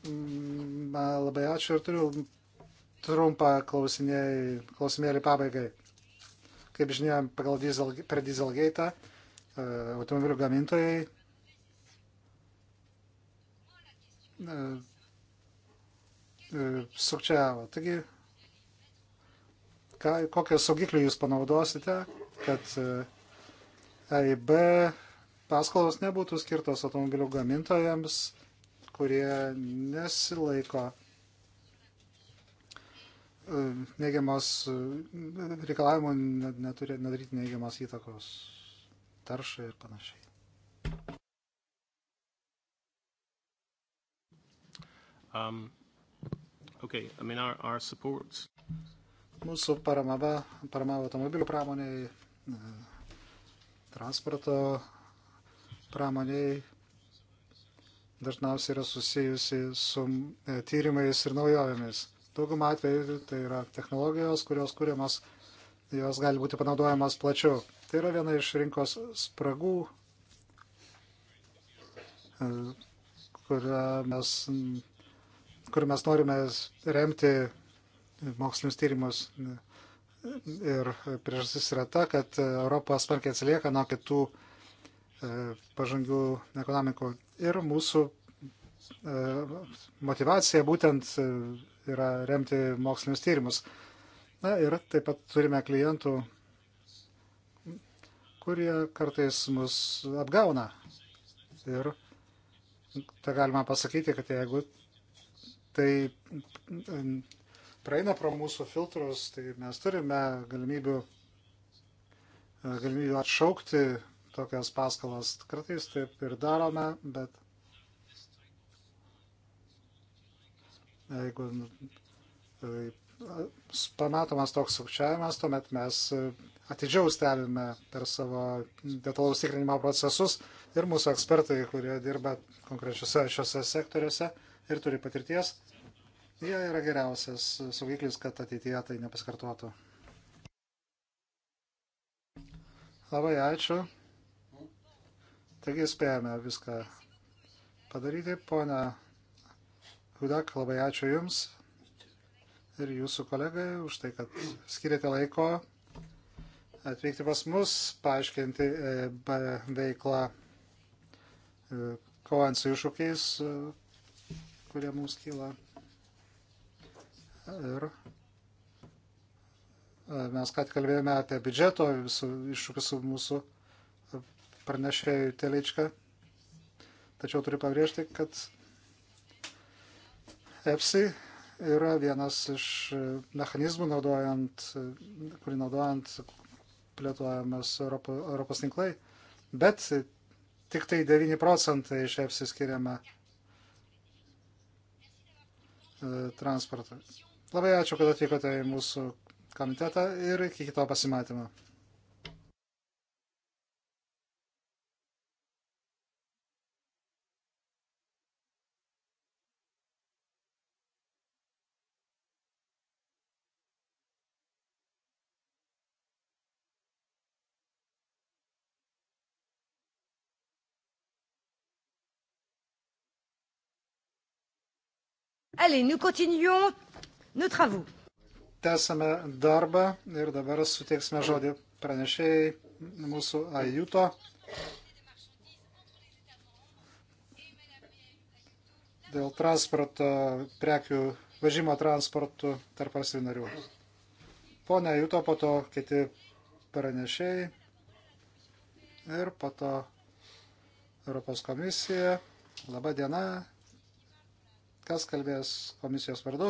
mm, labai ačiū ir turiu trumpą klausimėlį pabaigai. Kaip žinia, pagal diesel, per dieselgaitą e, automobilių gamintojai e, E, sukčiavo. Taigi, ką, kokią saugiklį jūs panaudosite, kad e, AIB paskolos nebūtų skirtos automobilių gamintojams, kurie nesilaiko e, neigiamos reikalavimų neturi, nedaryti neigiamos įtakos taršai ir panašiai. Um, Okay, I mean our, our supports. Mūsų parama, parama automobilių pramoniai, e, transporto pramoniai dažniausiai yra susijusi su e, tyrimais ir naujovėmis. Daugumą atveju tai yra technologijos, kurios kūriamos, jos gali būti panaudojamas plačiau. Tai yra viena iš rinkos spragų, e, kurią mes kur mes norime remti mokslinius tyrimus. Ir priežastis yra ta, kad Europa smarkiai atsilieka nuo kitų e, pažangių ekonomikų. Ir mūsų e, motivacija būtent e, yra remti mokslinius tyrimus. Na ir taip pat turime klientų, kurie kartais mus apgauna. Ir tą galima pasakyti, kad jeigu tai praeina pro mūsų filtrus, tai mes turime galimybių, e, galimybių atšaukti tokias paskalas. Kartais taip ir darome, bet jeigu e, pamatomas toks sukčiavimas, tuomet mes e, atidžiau stebime per savo detalaus tikrinimo procesus ir mūsų ekspertai, kurie dirba konkrečiose šiuose sektoriuose, ir turi patirties, jie yra geriausias saugiklis, kad ateityje tai nepasikartotų. Labai ačiū. Taigi spėjame viską padaryti. Pone Hudak, labai ačiū Jums ir Jūsų kolegai už tai, kad skirėte laiko atvykti pas mus, paaiškinti e, veiklą e, kovant su iššūkiais kurie mums kyla. Ir e, mes ką tik kalbėjome apie biudžeto visų iššūkius su mūsų pranešėjų Teličką. Tačiau turiu pabrėžti, kad EPSI yra vienas iš mechanizmų, naudojant, kurį naudojant plėtojamas Europo, Europos tinklai, bet tik tai 9 procentai iš EPSI skiriama E, transportui. Labai ačiū, kad atvykote į mūsų komitetą ir iki kito pasimatymo. Allez, nous continuons nos travaux. Tęsame darbą ir dabar suteiksime žodį pranešėjai mūsų Ajuto. Dėl transporto prekių važymo transportų tarp valstybinarių. Pone Ajuto, po to kiti pranešėjai ir po to Europos komisija. Labą dieną. Kas kalbės komisijos vardu?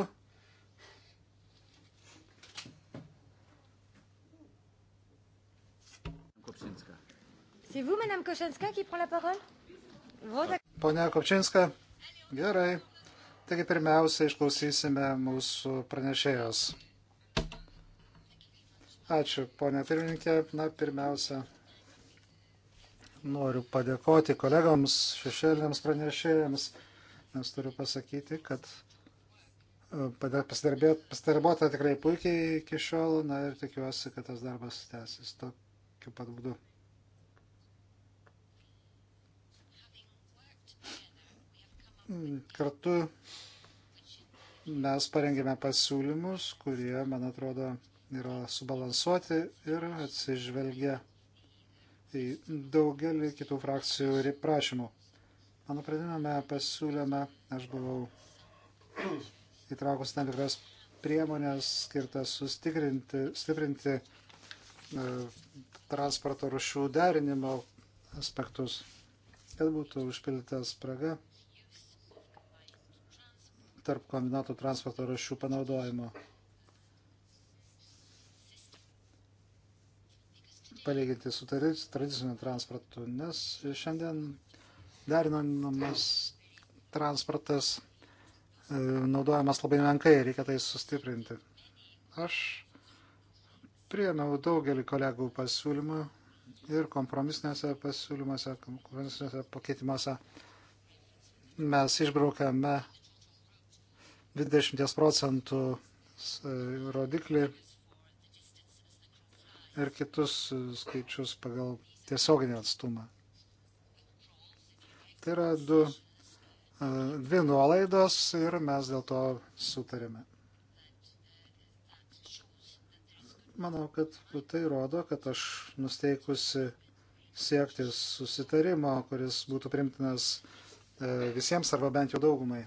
C'est vous, Madame Kochanska, qui prend la parole? Pone Kopčinska, gerai. Taigi pirmiausia, išklausysime mūsų pranešėjos. Ačiū, ponė pirmininkė. Na, pirmiausia, noriu padėkoti kolegams, šešėliniams pranešėjams nes turiu pasakyti, kad e, pasidarbota tikrai puikiai iki šiol na, ir tikiuosi, kad tas darbas tęsis tokiu pat būdu. Kartu mes parengėme pasiūlymus, kurie, man atrodo, yra subalansuoti ir atsižvelgia į daugelį kitų frakcijų prašymų. Mano pradiname pasiūlyme aš buvau įtraukus tam tikras priemonės skirtas sustiprinti stiprinti, e, transporto rušių derinimo aspektus, kad būtų užpildyta spraga tarp kombinatų transporto rušių panaudojimo. Palyginti su tradiciniu transportu, nes šiandien derinamas transportas e, naudojamas labai menkai, reikia tai sustiprinti. Aš priėmiau daugelį kolegų pasiūlymų ir kompromisiniuose pasiūlymuose, kompromisiniuose pakeitimuose mes išbraukiame 20 procentų e, rodiklį ir kitus skaičius pagal tiesioginį atstumą. Tai yra du, dvi nuolaidos ir mes dėl to sutarėme. Manau, kad tai rodo, kad aš nusteikusi siekti susitarimo, kuris būtų primtinas e, visiems arba bent jau daugumai.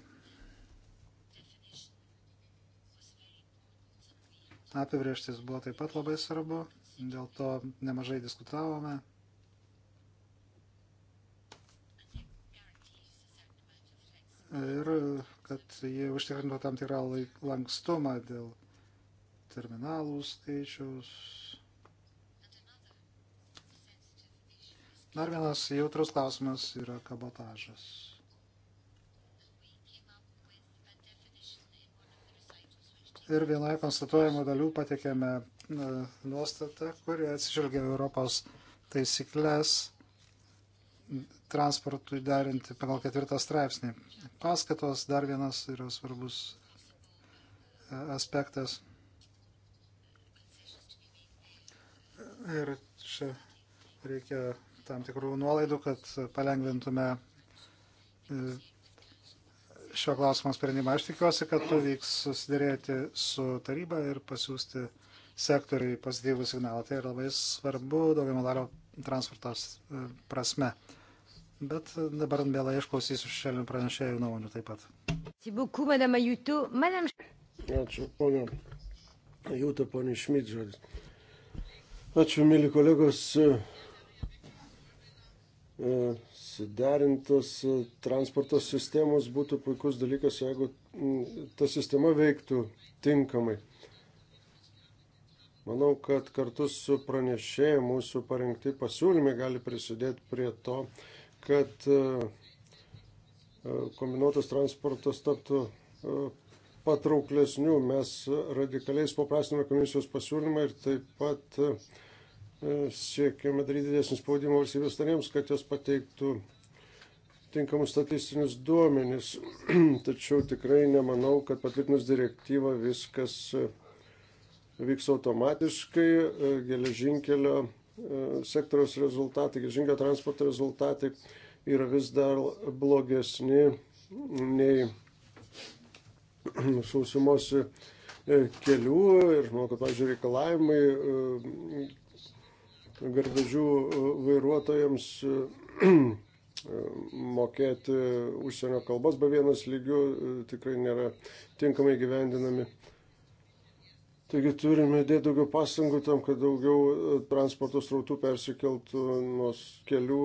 Apibrieštis buvo taip pat labai svarbu, dėl to nemažai diskutavome. ir kad jie užtikrintų tam tikrą lankstumą dėl terminalų skaičiaus. Dar vienas jautrus klausimas yra kabotažas. Ir vienoje konstatuojamo dalių patikėme nuostatą, kuri atsižvelgia Europos taisyklės transportui derinti pagal ketvirtą straipsnį. Paskatos dar vienas yra svarbus e, aspektas. Ir čia reikia tam tikrų nuolaidų, kad palengvintume e, šio klausimo sprendimą. Aš tikiuosi, kad tu vyks susidėrėti su taryba ir pasiūsti sektoriui pozityvų signalą. Tai yra labai svarbu daugiamadalio transportos e, prasme. Bet dabar mielai išklausysiu šiandien pranešėjų nuomonių taip pat. Ačiū, ponia Jūta, ponia Šmit žodis. Ačiū, mėly kolegos. E, e, suderintos e, transporto sistemos būtų puikus dalykas, jeigu ta sistema veiktų tinkamai. Manau, kad kartu su pranešėju mūsų parengti pasiūlymai gali prisidėti prie to, kad e, e, kombinuotas transportas taptų e, patrauklesnių. Mes radikaliai supaprastiname komisijos pasiūlymą ir taip pat siekime daryti didesnį spaudimą valstybės tarėms, kad jos pateiktų tinkamus statistinius duomenis. Tačiau tikrai nemanau, kad patvirtinus direktyvą viskas vyks automatiškai. Geležinkelio E, sektoriaus rezultatai, geležinio transporto rezultatai yra vis dar blogesni nei sausumos e, kelių ir žinau, kad, pavyzdžiui, reikalavimai e, garvežių vairuotojams mokėti užsienio kalbas be vienas lygių tikrai nėra tinkamai gyvendinami. Taigi turime dėti daugiau pastangų tam, kad daugiau e, transporto srautų persikeltų nuo kelių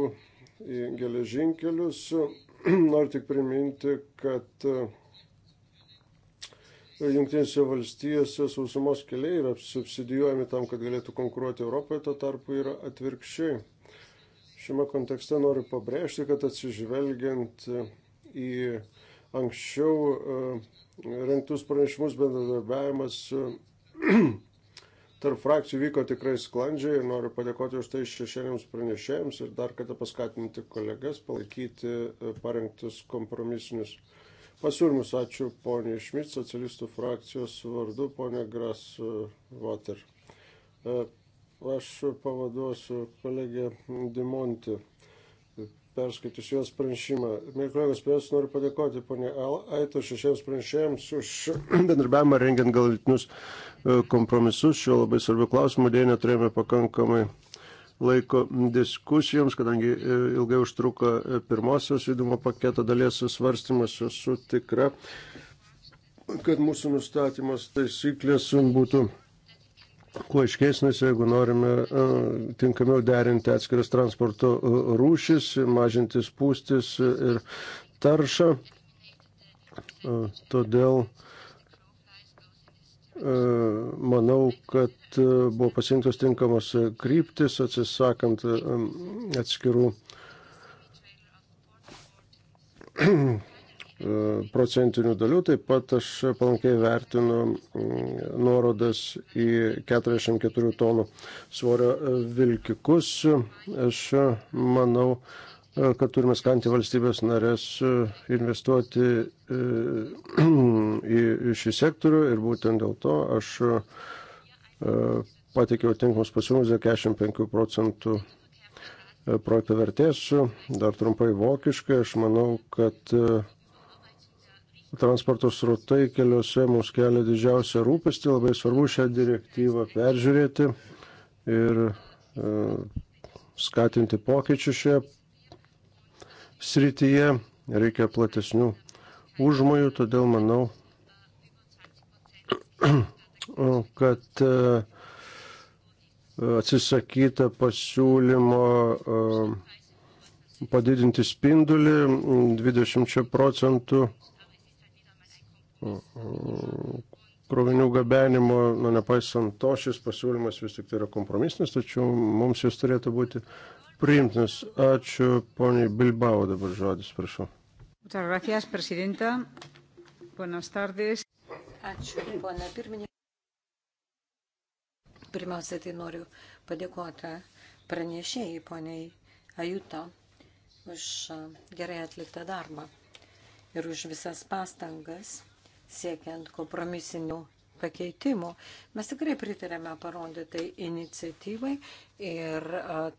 į geležinkelius. Noriu tik priminti, kad e, Junktinėse valstijose sausumos keliai yra subsidijuojami tam, kad galėtų konkuruoti Europoje, to tarpu yra atvirkščiai. Šiame kontekste noriu pabrėžti, kad atsižvelgiant į anksčiau e, rengtus pranešimus bendradarbiavimas tarp frakcijų vyko tikrai sklandžiai ir noriu padėkoti už tai šešėliams pranešėjams ir dar kartą paskatinti kolegas palaikyti e, parengtus kompromisinius pasiūlymus. Ačiū poniai Šmit, socialistų frakcijos vardu, ponė Gras e, Water. E, aš pavaduosiu kolegę Dimonti perskaitys jos pranešimą. Mėly kolegos, pirmiausia, noriu padėkoti ponė Aito šešiems pranešėjams už bendrabiavimą rengiant galutinius e, kompromisus. Šio labai svarbių klausimų dėja neturėjome pakankamai laiko diskusijoms, kadangi e, ilgai užtruko e, pirmosios judumo paketo dalies svarstymas, esu tikra, kad mūsų nustatymas taisyklės būtų kuo aiškesnis, jeigu norime e, tinkamiau derinti atskiras transporto e, rūšis, mažinti spūstis ir taršą. E, todėl manau, kad buvo pasirinktos tinkamos kryptis, atsisakant atskirų procentinių dalių. Taip pat aš palankiai vertinu mm, nuorodas į 44 tonų svorio vilkikus. Aš manau, kad turime skanti valstybės narės investuoti mm, į šį sektorių ir būtent dėl to aš e, pateikiau tinkamus pasiūlymus dėl 45 procentų e, projekto vertės. Dar trumpai vokiškai, aš manau, kad e, transporto srautai keliuose mums kelia didžiausią rūpestį, labai svarbu šią direktyvą peržiūrėti ir e, skatinti pokyčių šioje srityje, reikia platesnių užmojų, todėl manau, kad e, atsisakyta pasiūlymo e, padidinti spindulį 20 procentų krovinių gabenimo, nu, nepaisant to, šis pasiūlymas vis tik tai yra kompromisnis, tačiau mums jis turėtų būti priimtinas. Ačiū, poniai Bilbao, dabar žodis, prašau. Gracias, prezidenta. Buenas tardes. Ačiū, ponia pirmininkė. Pirmiausia, tai noriu padėkoti pranešėjai, poniai Ajuta, už gerai atliktą darbą ir už visas pastangas siekiant kompromisinių pakeitimų. Mes tikrai pritarėme parodytai iniciatyvai ir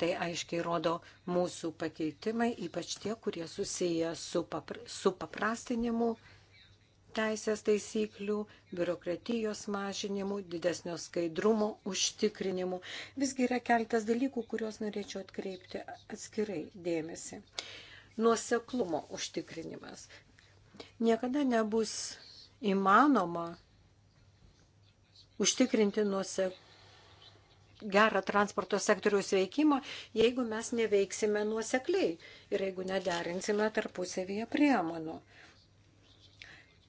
tai aiškiai rodo mūsų pakeitimai, ypač tie, kurie susiję su, papr su paprastinimu teisės taisyklių, biurokratijos mažinimu, didesnio skaidrumo užtikrinimu. Visgi yra keltas dalykų, kuriuos norėčiau atkreipti atskirai dėmesį. Nuoseklumo užtikrinimas. Niekada nebus įmanoma užtikrinti nuoseklumą gerą transporto sektoriaus veikimą, jeigu mes neveiksime nuosekliai ir jeigu nederinsime tarpusavyje priemonų.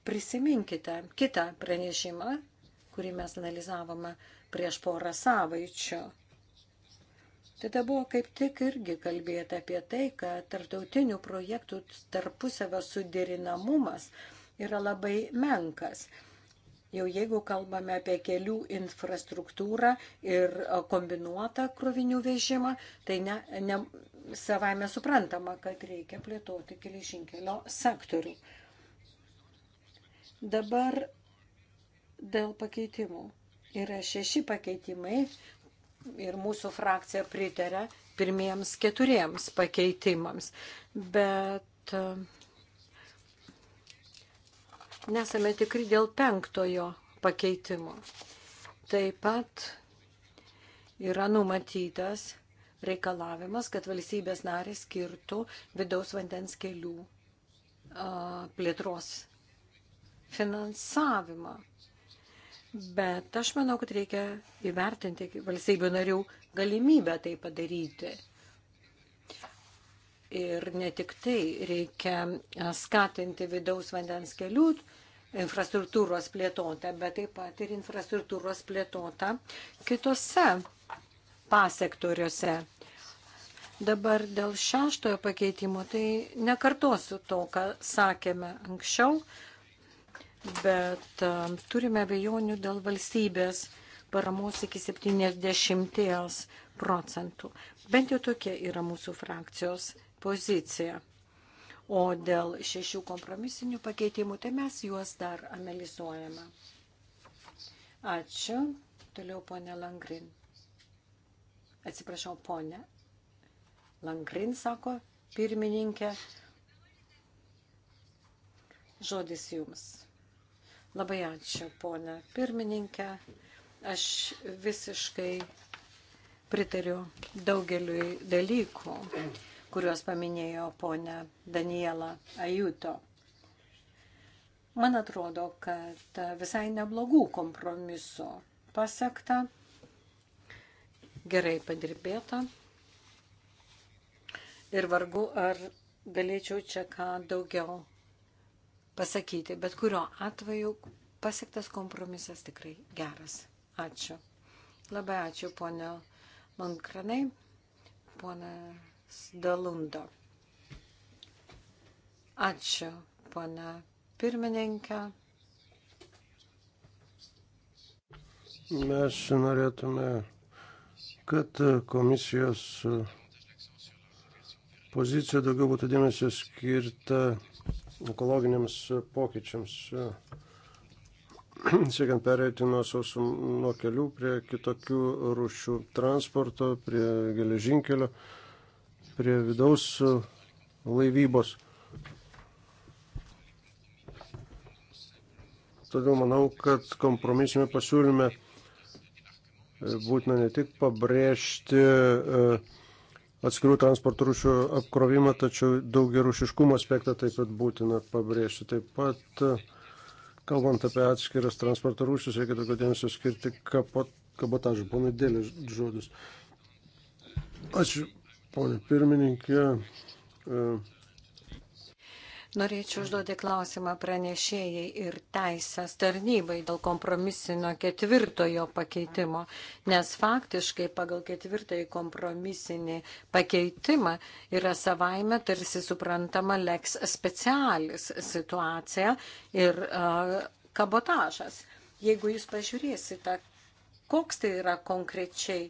Prisiminkite kitą pranešimą, kurį mes analizavome prieš porą savaičių. Tada buvo kaip tik irgi kalbėta apie tai, kad tarptautinių projektų tarpusavio suderinamumas – yra labai menkas. Jau jeigu kalbame apie kelių infrastruktūrą ir e, kombinuotą krovinių vežimą, tai ne, ne, savai mes suprantama, kad reikia plėtoti kelišinkelio sektorių. Dabar dėl pakeitimų. Yra šeši pakeitimai ir mūsų frakcija pritarė pirmiems keturiems pakeitimams. Bet uh, nesame tikri dėl penktojo pakeitimo. Taip pat yra numatytas reikalavimas, kad valstybės narės skirtų vidaus vandens kelių plėtros finansavimą. Bet aš manau, kad reikia įvertinti valstybių narių galimybę tai padaryti. Ir ne tik tai reikia skatinti vidaus vandens kelių infrastruktūros plėtota, bet taip pat ir infrastruktūros plėtota kitose pasektoriuose. Dabar dėl šeštojo pakeitimo, tai nekartosiu to, ką sakėme anksčiau, bet um, turime abejonių dėl valstybės paramos iki 70 procentų. Bent jau tokia yra mūsų frakcijos pozicija. O dėl šešių kompromisinių pakeitimų, tai mes juos dar analizuojame. Ačiū. Toliau ponė Langrin. Atsiprašau, ponė. Langrin sako pirmininkė. Žodis jums. Labai ačiū, ponė pirmininkė. Aš visiškai pritariu daugeliui dalykų kuriuos paminėjo ponia Daniela Ajuto. Man atrodo, kad visai neblogų kompromisų pasiekta, gerai padirbėta ir vargu ar galėčiau čia ką daugiau pasakyti, bet kurio atveju pasiektas kompromisas tikrai geras. Ačiū. Labai ačiū, ponio Mankranai, ponio Dalundo. Ačiū, pana pirmininkė. Mes norėtume, kad komisijos pozicija daugiau būtų dėmesio skirta ekologiniams pokyčiams, siekiant pereiti nuo, sausų, nuo kelių prie kitokių rūšių transporto, prie geležinkelio prie vidaus laivybos. Todėl manau, kad kompromisime pasiūlyme e, būtina ne tik pabrėžti e, atskirų transporto rūšių apkrovimą, tačiau daugiarušiškumo aspektą taip pat būtina pabrėžti. Taip pat, e, kalbant apie atskiras transporto rūšius, reikia daugiau dėmesio skirti kabotažu. Pana Dėlė žodis. Ačiū, Pone pirmininkė. E, Norėčiau užduoti klausimą pranešėjai ir teisės tarnybai dėl kompromisinio ketvirtojo pakeitimo, nes faktiškai pagal ketvirtąjį kompromisinį pakeitimą yra savaime tarsi suprantama leks specialis situacija ir uh, kabotažas. Jeigu jūs pažiūrėsite, koks tai yra konkrečiai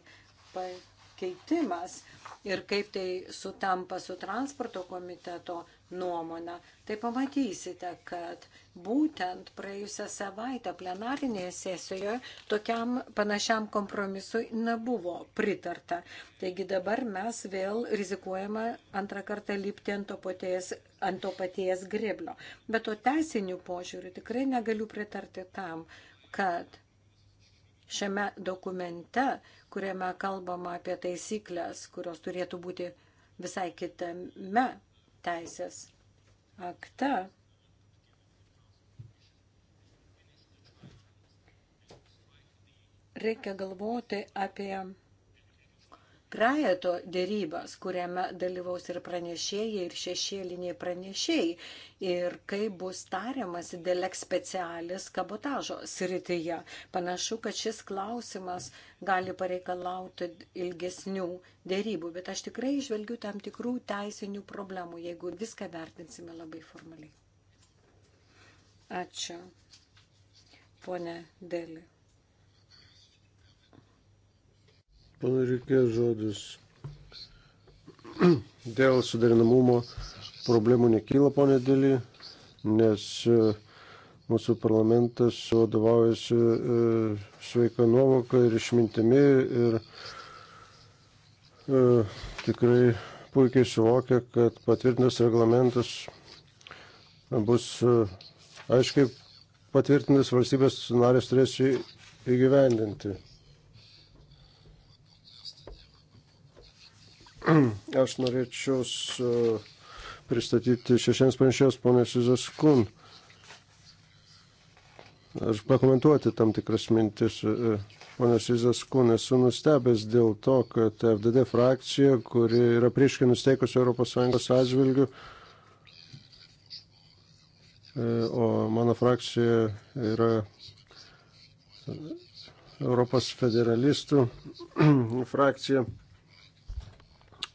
pakeitimas, ir kaip tai sutampa su transporto komiteto nuomonę, tai pamatysite, kad būtent praėjusią savaitę plenarinėje sesijoje tokiam panašiam kompromisui nebuvo pritarta. Taigi dabar mes vėl rizikuojame antrą kartą lipti ant to paties, ant to paties greblio. Bet to teisinių požiūrių tikrai negaliu pritarti tam, kad šiame dokumente, kuriame kalbama apie taisyklės, kurios turėtų būti visai kitame teisės akte, reikia galvoti apie trejeto dėrybas, kuriame dalyvaus ir pranešėjai, ir šešėliniai pranešėjai, ir kaip bus tariamas dėl specialis kabotažo srityje. Panašu, kad šis klausimas gali pareikalauti ilgesnių dėrybų, bet aš tikrai išvelgiu tam tikrų teisinių problemų, jeigu viską vertinsime labai formaliai. Ačiū, ponė Deli. Panarikė žodis. Dėl sudarinamumo problemų nekyla, ponė Dėlį, nes e, mūsų parlamentas vadovaujasi e, sveika nuovoka ir išmintimi ir e, tikrai puikiai suvokia, kad patvirtintas reglamentas bus aiškiai patvirtintas valstybės narės turės įgyvendinti. Aš norėčiau pristatyti šešiems panšios ponės Izaskun. Aš pakomentuoti tam tikras mintis. E, Ponas Izaskun, esu nustebęs dėl to, kad FDD frakcija, kuri yra prieškai nusteikusi ES atžvilgių, e, o mano frakcija yra Europos federalistų frakcija.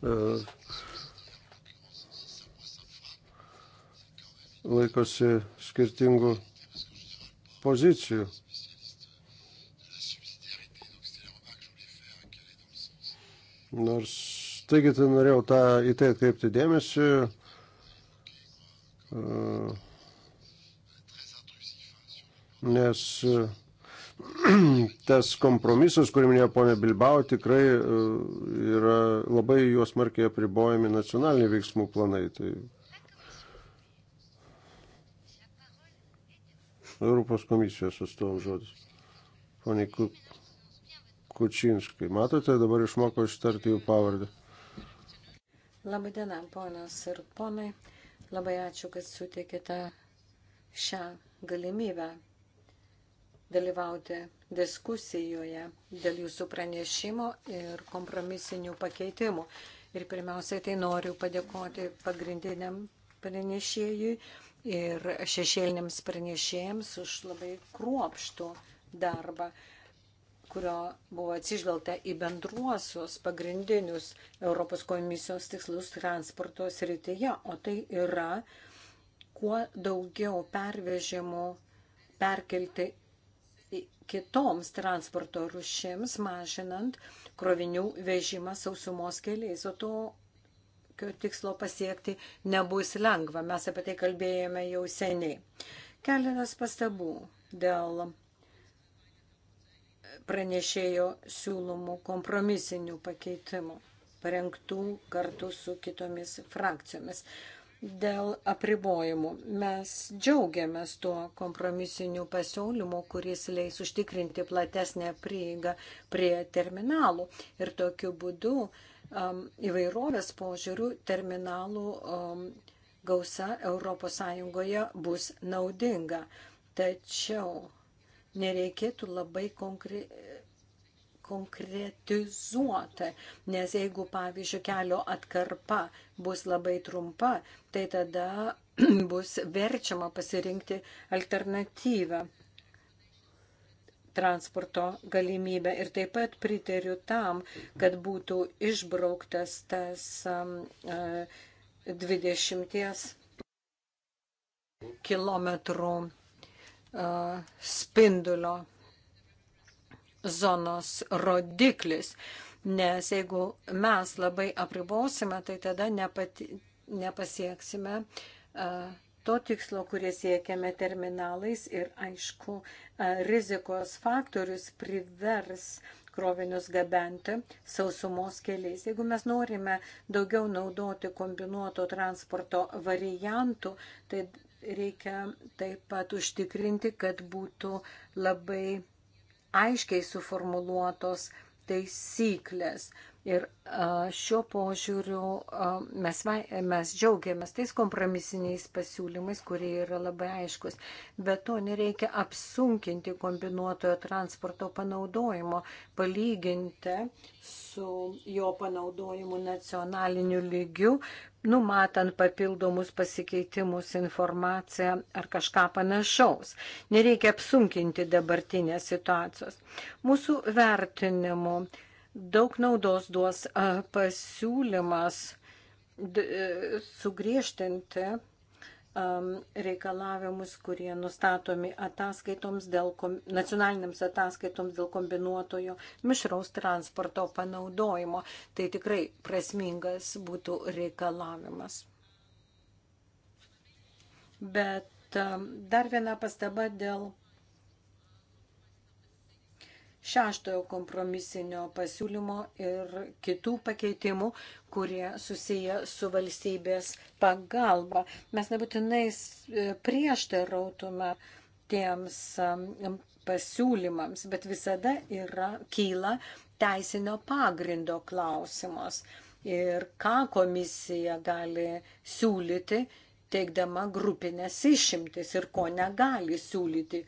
E, laikosi skirtingų pozicijų. Nors, taigi, tai norėjau tą, į tai atkreipti dėmesį. E, nes uh, tas kompromisas, kurį minėjo ponė Bilbao, tikrai e, yra labai juos markiai apribojami nacionaliniai veiksmų planai. Tai Europos komisijos atstovų žodis. Pone Kučinskai, matote, dabar išmoko ištarti jų pavardę. Labadiena, ponas ir ponai. Labai ačiū, kad sutikite šią galimybę dalyvauti diskusijoje dėl jūsų pranešimo ir kompromisinių pakeitimų. Ir pirmiausiai tai noriu padėkoti pagrindiniam pranešėjui ir šešėliniams pranešėjams už labai kruopštų darbą, kurio buvo atsižvelgta į bendruosius pagrindinius Europos komisijos tikslus transporto srityje, o tai yra kuo daugiau pervežimų perkelti kitoms transporto rušims, mažinant krovinių vežimą sausumos keliais. O to tikslo pasiekti nebus lengva. Mes apie tai kalbėjome jau seniai. Keletas pastabų dėl pranešėjo siūlomų kompromisinių pakeitimų parengtų kartu su kitomis frakcijomis dėl apribojimų. Mes džiaugiamės tuo kompromisiniu pasiūlymu, kuris leis užtikrinti platesnę prieigą prie terminalų ir tokiu būdu um, įvairovės požiūrių terminalų um, gausa ES bus naudinga. Tačiau nereikėtų labai konkre konkretizuota, nes jeigu, pavyzdžiui, kelio atkarpa bus labai trumpa, tai tada bus verčiama pasirinkti alternatyvą transporto galimybę. Ir taip pat pritariu tam, kad būtų išbrauktas tas um, 20 km uh, spindulio zonos rodiklis. Nes jeigu mes labai apribosime, tai tada nepati, nepasieksime uh, to tikslo, kurį siekiame terminalais ir aišku, rizikos faktorius privers krovinius gabenti sausumos keliais. Jeigu mes norime daugiau naudoti kombinuoto transporto variantų, tai reikia taip pat užtikrinti, kad būtų labai aiškiai suformuluotos taisyklės. Ir šiuo požiūriu mes, mes džiaugiamės tais kompromisiniais pasiūlymais, kurie yra labai aiškus. Bet to nereikia apsunkinti kombinuotojo transporto panaudojimo, palyginti su jo panaudojimu nacionaliniu lygiu, numatant papildomus pasikeitimus informaciją ar kažką panašaus. Nereikia apsunkinti dabartinės situacijos. Mūsų vertinimu Daug naudos duos pasiūlymas e, sugriežtinti reikalavimus, kurie nustatomi ataskaitoms dėl, nacionaliniams ataskaitoms dėl kombinuotojo mišraus transporto panaudojimo. Tai tikrai prasmingas būtų reikalavimas. Bet dar viena pastaba dėl šeštojo kompromisinio pasiūlymo ir kitų pakeitimų, kurie susiję su valstybės pagalba. Mes nebūtinai e, prieštarautume tiems pasiūlymams, bet visada yra kyla teisinio pagrindo klausimas ir ką komisija gali siūlyti, teikdama grupinės išimtis ir ko negali siūlyti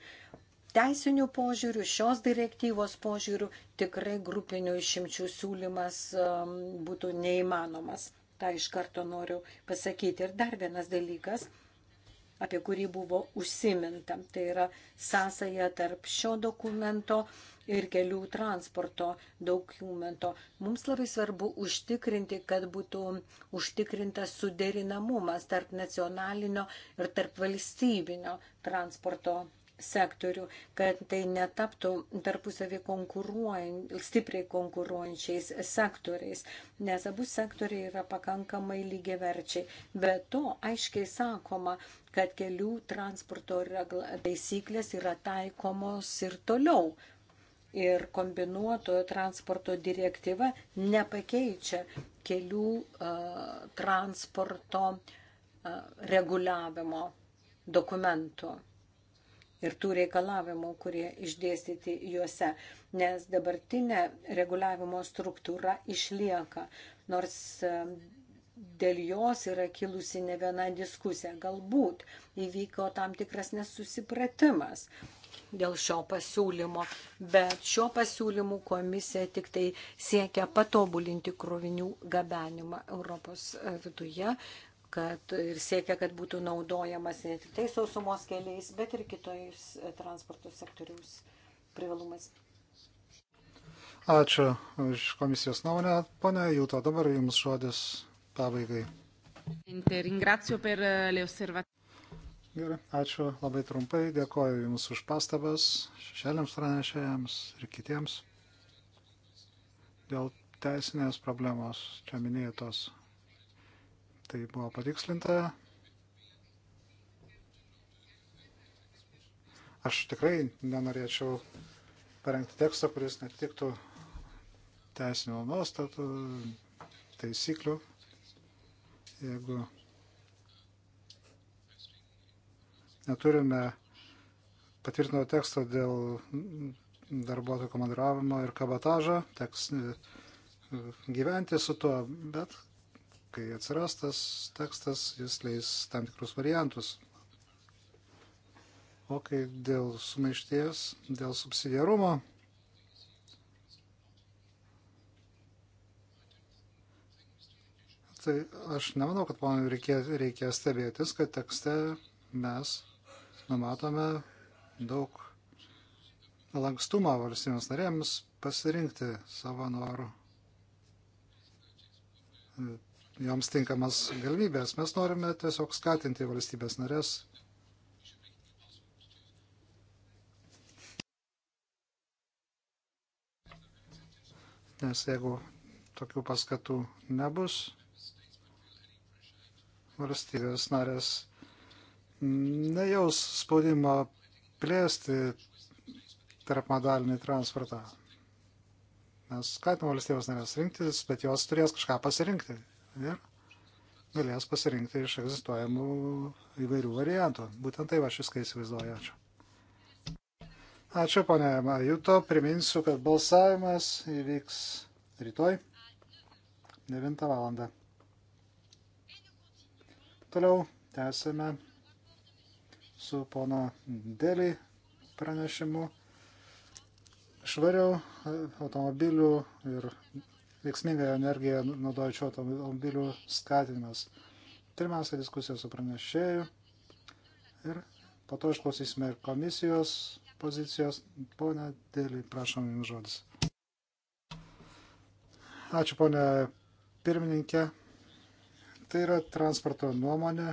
teisinių požiūrių, šios direktyvos požiūrių tikrai grupinių išimčių siūlymas um, būtų neįmanomas. Ta iš karto noriu pasakyti. Ir dar vienas dalykas, apie kurį buvo užsiminta, tai yra sąsaja tarp šio dokumento ir kelių transporto dokumento. Mums labai svarbu užtikrinti, kad būtų užtikrintas suderinamumas tarp nacionalinio ir tarp valstybinio transporto sektorių, kad tai netaptų tarpusavį konkuruojant, stipriai konkuruojančiais sektoriais, nes abu sektoriai yra pakankamai lygiaverčiai. Be to, aiškiai sakoma, kad kelių transporto taisyklės yra taikomos ir toliau. Ir kombinuotojo transporto direktyva nepakeičia kelių uh, transporto uh, reguliavimo dokumentų ir tų reikalavimų, kurie išdėstyti juose, nes dabartinė reguliavimo struktūra išlieka, nors dėl jos yra kilusi ne viena diskusija. Galbūt įvyko tam tikras nesusipratimas dėl šio pasiūlymo, bet šio pasiūlymų komisija tik tai siekia patobulinti krovinių gabenimą Europos viduje kad ir siekia, kad būtų naudojamas ne tik tai sausumos keliais, bet ir kitojus e, transporto sektoriaus privalumais. Ačiū už komisijos nuomonę. Pone Jūto, dabar jums žodis pabaigai. E, Gerai, ačiū labai trumpai. Dėkoju Jums už pastabas, šešėliams pranešėjams ir kitiems. Dėl teisinės problemos čia minėtos Tai buvo patikslinta. Aš tikrai nenorėčiau parengti tekstą, kuris netiktų teisinio nuostatų, taisyklių. Jeigu neturime patvirtino teksto dėl darbuotojų komandiravimo ir kabotažo, teks e, gyventi su tuo, bet kai atsiras tas tekstas, jis leis tam tikrus variantus. O kai dėl sumaišties, dėl subsidiarumo, tai aš nemanau, kad ponui reikia, reikia stebėtis, kad tekste mes numatome daug lankstumą valstybėms narėms pasirinkti savo norų joms tinkamas galimybės. Mes norime tiesiog skatinti valstybės narės. Nes jeigu tokių paskatų nebus, valstybės narės nejaus spaudimo plėsti tarpmodalinį transportą. Mes skatinam valstybės narės rinktis, bet jos turės kažką pasirinkti ir galės pasirinkti iš egzistuojamų įvairių variantų. Būtent taip aš viską įsivaizduoju. Ačiū. Ačiū, ponė Majuto. Priminsiu, kad balsavimas įvyks rytoj 9 val. Toliau tęsime su pono Deli pranešimu švariau automobilių ir veiksminga energija naudojančių automobilių skatinimas. Pirmiausia diskusija su pranešėju ir po to išklausysime ir komisijos pozicijos. Pone Dėlį, prašom jums žodis. Ačiū, ponė pirmininkė. Tai yra transporto nuomonė.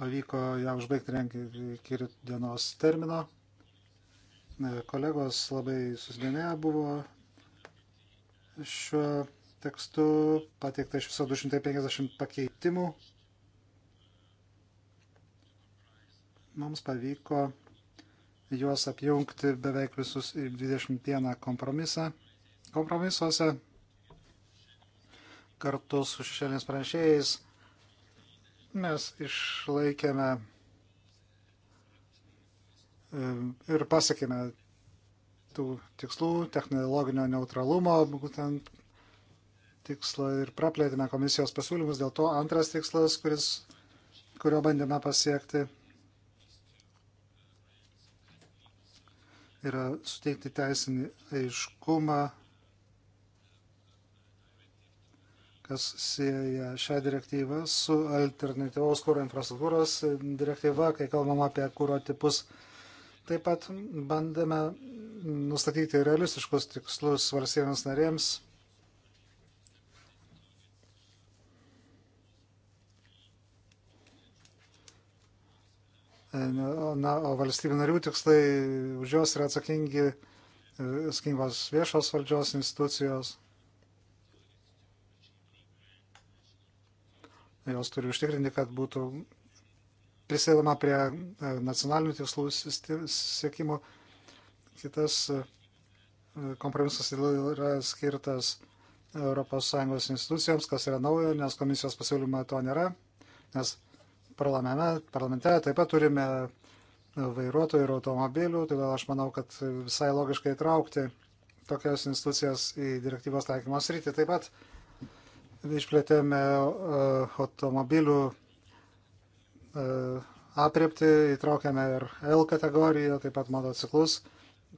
Pavyko ją užbaigti renginį iki dienos termino. Kolegos labai susidomėję buvo šiuo tekstu, pateikta iš viso 250 pakeitimų. Mums pavyko juos apjungti beveik visus į 21 kompromisą. Kompromisuose kartu su šešėlės pranešėjais mes išlaikėme ir pasakėme tų tikslų, technologinio neutralumo, būtent tikslą ir praplėtėme komisijos pasiūlymus. Dėl to antras tikslas, kuris, kurio bandėme pasiekti, yra suteikti teisinį aiškumą, kas sieja šią direktyvą su alternatyvaus kūro infrastruktūros direktyva, kai kalbam apie kūro tipus Taip pat bandėme nustatyti realistiškus tikslus valstybėms narėms. Na, o valstybių narių tikslai už juos yra atsakingi e, skingos viešos valdžios institucijos. Jos turi užtikrinti, kad būtų prisidedama prie e, nacionalinių tikslų siekimo. Kitas e, kompromisas yra skirtas ES institucijoms, kas yra naujo, nes komisijos pasiūlymo to nėra, nes parlamente taip pat turime vairuotojų ir automobilių, todėl aš manau, kad visai logiškai įtraukti tokias institucijas į direktyvos taikymos rytį. Taip pat išplėtėme e, automobilių E, apriepti, įtraukiame ir L kategoriją, taip pat motociklus,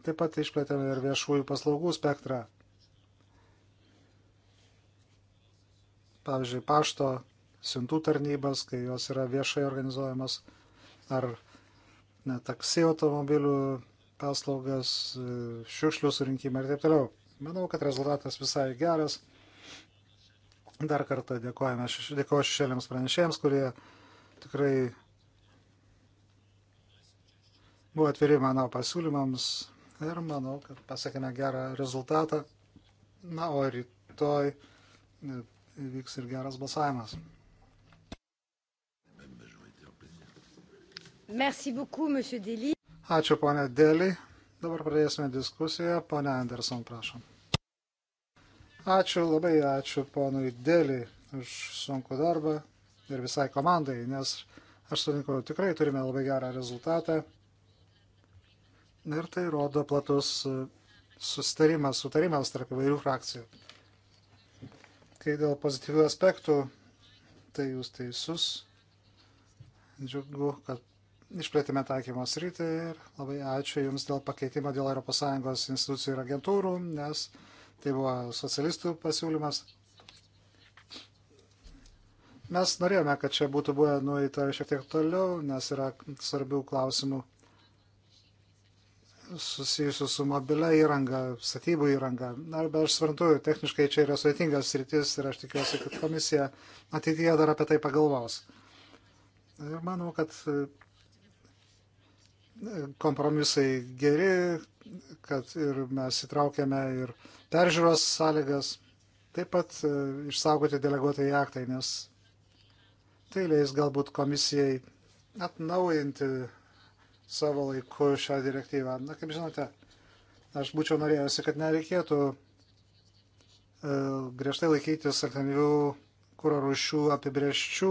taip pat išplėtėme ir viešųjų paslaugų spektrą. Pavyzdžiui, pašto siuntų tarnybas, kai jos yra viešai organizuojamos, ar ne, taksi automobilių paslaugas, e, šiukšlių surinkimą ir taip toliau. Manau, kad rezultatas visai geras. Dar kartą dėkojame, dėkoju šešėliams pranešėjams, kurie tikrai buvo atviri mano pasiūlymams ir manau, kad pasakėme gerą rezultatą. Na, o rytoj vyks ir geras balsavimas. Merci beaucoup, monsieur Deli. Ačiū, ponė Deli. Dabar pradėsime diskusiją. Pone Anderson, prašom. Ačiū, labai ačiū ponui Deli už sunku darbą ir visai komandai, nes aš sutinku, tikrai turime labai gerą rezultatą. Ir tai rodo platus sustarimas, sutarimas tarp įvairių frakcijų. Kai dėl pozityvių aspektų, tai jūs teisus. Džiugu, kad išplėtėme taikymo sritį ir labai ačiū Jums dėl pakeitimo dėl ES institucijų ir agentūrų, nes tai buvo socialistų pasiūlymas. Mes norėjome, kad čia būtų buvę nueita šiek tiek toliau, nes yra svarbių klausimų susijusių su mobilia įranga, statybų įranga. Na, bet aš svarbu, techniškai čia yra sudėtingas rytis ir aš tikiuosi, kad komisija ateityje dar apie tai pagalvos. Ir manau, kad e, kompromisai geri, kad ir mes įtraukėme ir peržiūros sąlygas, taip pat e, išsaugoti deleguotai aktai, nes Tai leis galbūt komisijai atnaujinti savo laiku šią direktyvą. Na, kaip žinote, aš būčiau norėjusi, kad nereikėtų e, griežtai laikytis aktyvių kūro rūšių apibrieščių,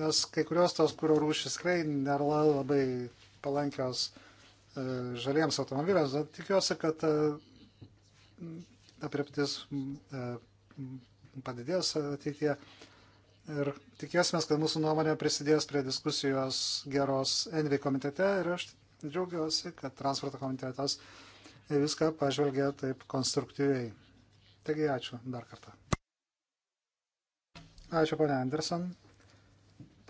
nes kai kurios tos kūro rūšys tikrai nėra labai palankios e, žaliems automobiliams. Tikiuosi, kad e, apriptis e, padidės ateityje. E, Ir tikėsime, kad mūsų nuomonė prisidės prie diskusijos geros Envi komitete ir aš džiaugiuosi, kad transporto komitetas viską pažvelgia taip konstruktyviai. Taigi ačiū dar kartą. Ačiū, ponia Anderson.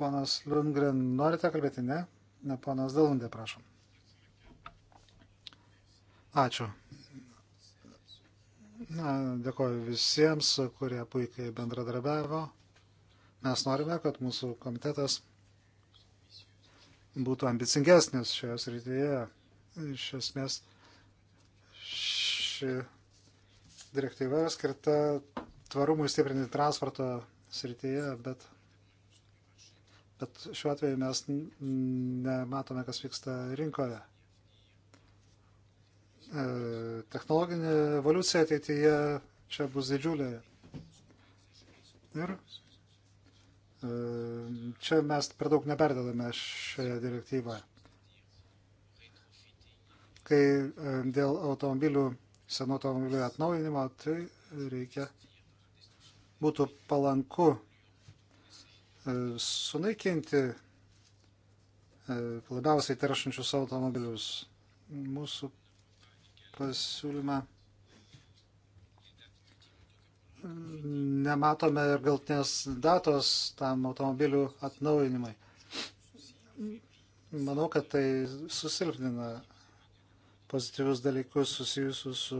Ponas Lundgren, norite kalbėti? Ne. Ne, ponas Dalundė, prašom. Ačiū. Na, dėkoju visiems, kurie puikiai bendradarbiavo. Mes norime, kad mūsų komitetas būtų ambicingesnis šioje srityje. Iš esmės, ši direktyva skirta tvarumui stiprinti transporto srityje, bet, bet šiuo atveju mes nematome, kas vyksta rinkoje. E, technologinė evoliucija ateityje čia bus didžiulė. Ir Čia mes per daug neperdedame šioje direktyvoje. Kai e, dėl automobilių, senų automobilių atnaujinimo, tai reikia būtų palanku e, sunaikinti e, labiausiai teršančius automobilius. Mūsų pasiūlymą nematome ir galtinės datos tam automobilių atnaujinimai. Manau, kad tai susilpnina pozityvius dalykus susijusius su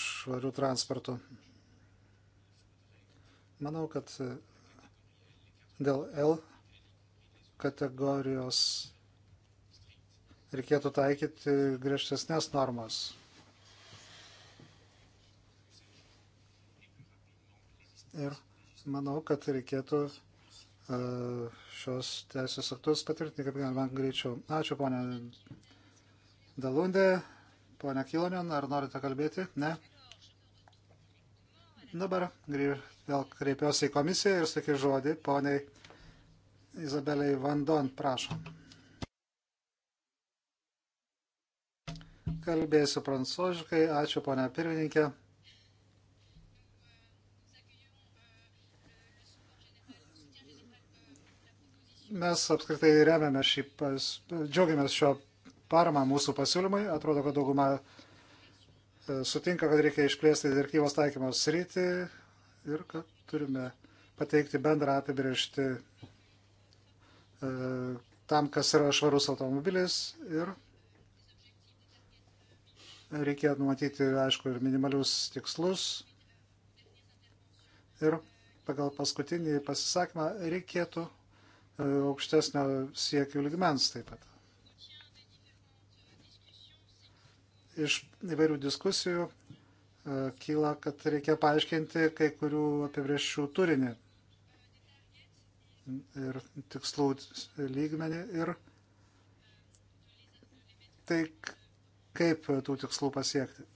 švariu transportu. Manau, kad dėl L kategorijos reikėtų taikyti griežtesnės normas. Ir manau, kad reikėtų e, šios teisės aktus patvirtinti, kaip galima greičiau. Ačiū, ponė Dalundė, ponė Kilonion, ar norite kalbėti? Ne. Dabar vėl kreipiuosi į komisiją ir sakysiu žodį poniai Izabeliai Vandon, prašom. Kalbėsiu prancūziškai, ačiū ponia pirmininkė. Mes apskritai remiame šį, pas, džiaugiamės šio paramą mūsų pasiūlymai. Atrodo, kad dauguma e, sutinka, kad reikia išplėsti direktyvos taikymos sritį ir kad turime pateikti bendrą apibriežti e, tam, kas yra švarus automobilis ir reikia numatyti, aišku, ir minimalius tikslus. Ir pagal paskutinį pasisakymą reikėtų E, aukštesnio siekių ligmens taip pat. Iš įvairių diskusijų e, kyla, kad reikia paaiškinti kai kurių apibrėžčių turinį ir tikslų lygmenį ir tai kaip tų tikslų pasiekti.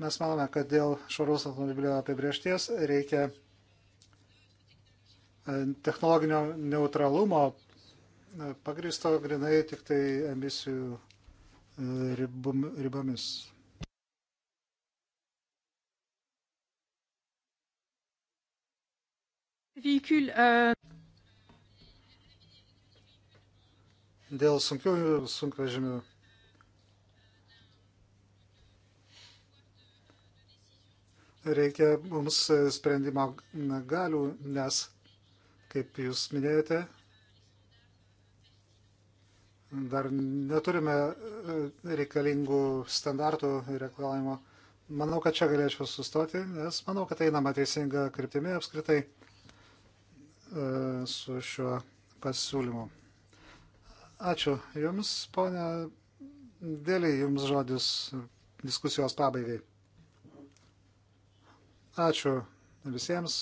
Mes manome, kad dėl švaraus automobilio apibriešties reikia technologinio neutralumo e, pagristo grinai tik tai emisijų e, ribum, ribomis. E, Dėl sunkių sunkvežimių. Reikia mums sprendimo galių, nes Kaip jūs minėjote, dar neturime e, reikalingų standartų reikalavimo. Manau, kad čia galėčiau sustoti, nes manau, kad einama teisinga kryptimi apskritai e, su šiuo pasiūlymu. Ačiū Jums, ponė Dėlį, Jums žodis diskusijos pabaigai. Ačiū visiems.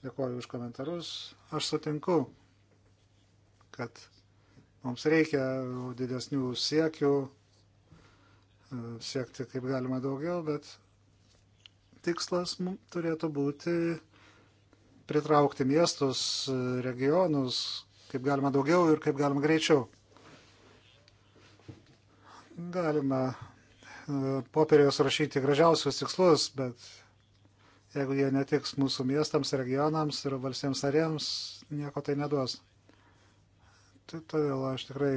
Dėkuoju už komentarus. Aš sutinku, kad mums reikia didesnių siekių, e, siekti kaip galima daugiau, bet tikslas turėtų būti pritraukti miestus, e, regionus, kaip galima daugiau ir kaip galima greičiau. Galima e, popieriaus rašyti gražiausius tikslus, bet jeigu jie netiks mūsų miestams, regionams ir valstybėms narėms, nieko tai neduos. Tai todėl aš tikrai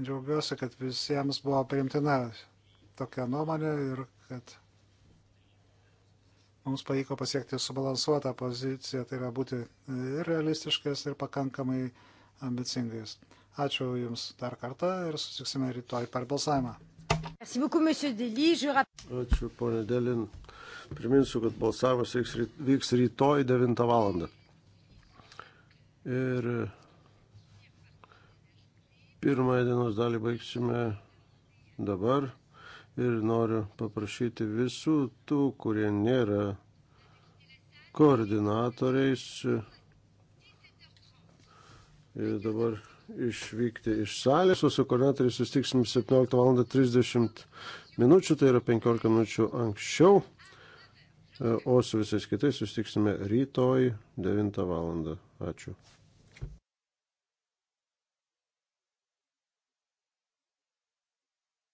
džiaugiuosi, kad visiems buvo priimtina tokia nuomonė ir kad mums pavyko pasiekti subalansuotą poziciją, tai yra būti ir realistiškas, ir pakankamai ambicingais. Ačiū Jums dar kartą ir susitiksime rytoj per balsavimą. Ačiū, ponė Delin. Priminsiu, kad balsavimas vyks rytoj 9 val. Ir pirmąją dienos dalį baigsime dabar. Ir noriu paprašyti visų tų, kurie nėra koordinatoriais. Ir dabar išvykti iš salės, o su koordinatoriais sustiksim 17.30 minučių, tai yra 15 minučių anksčiau, e, o su visais kitais sustiksime rytoj 9 val. Ačiū.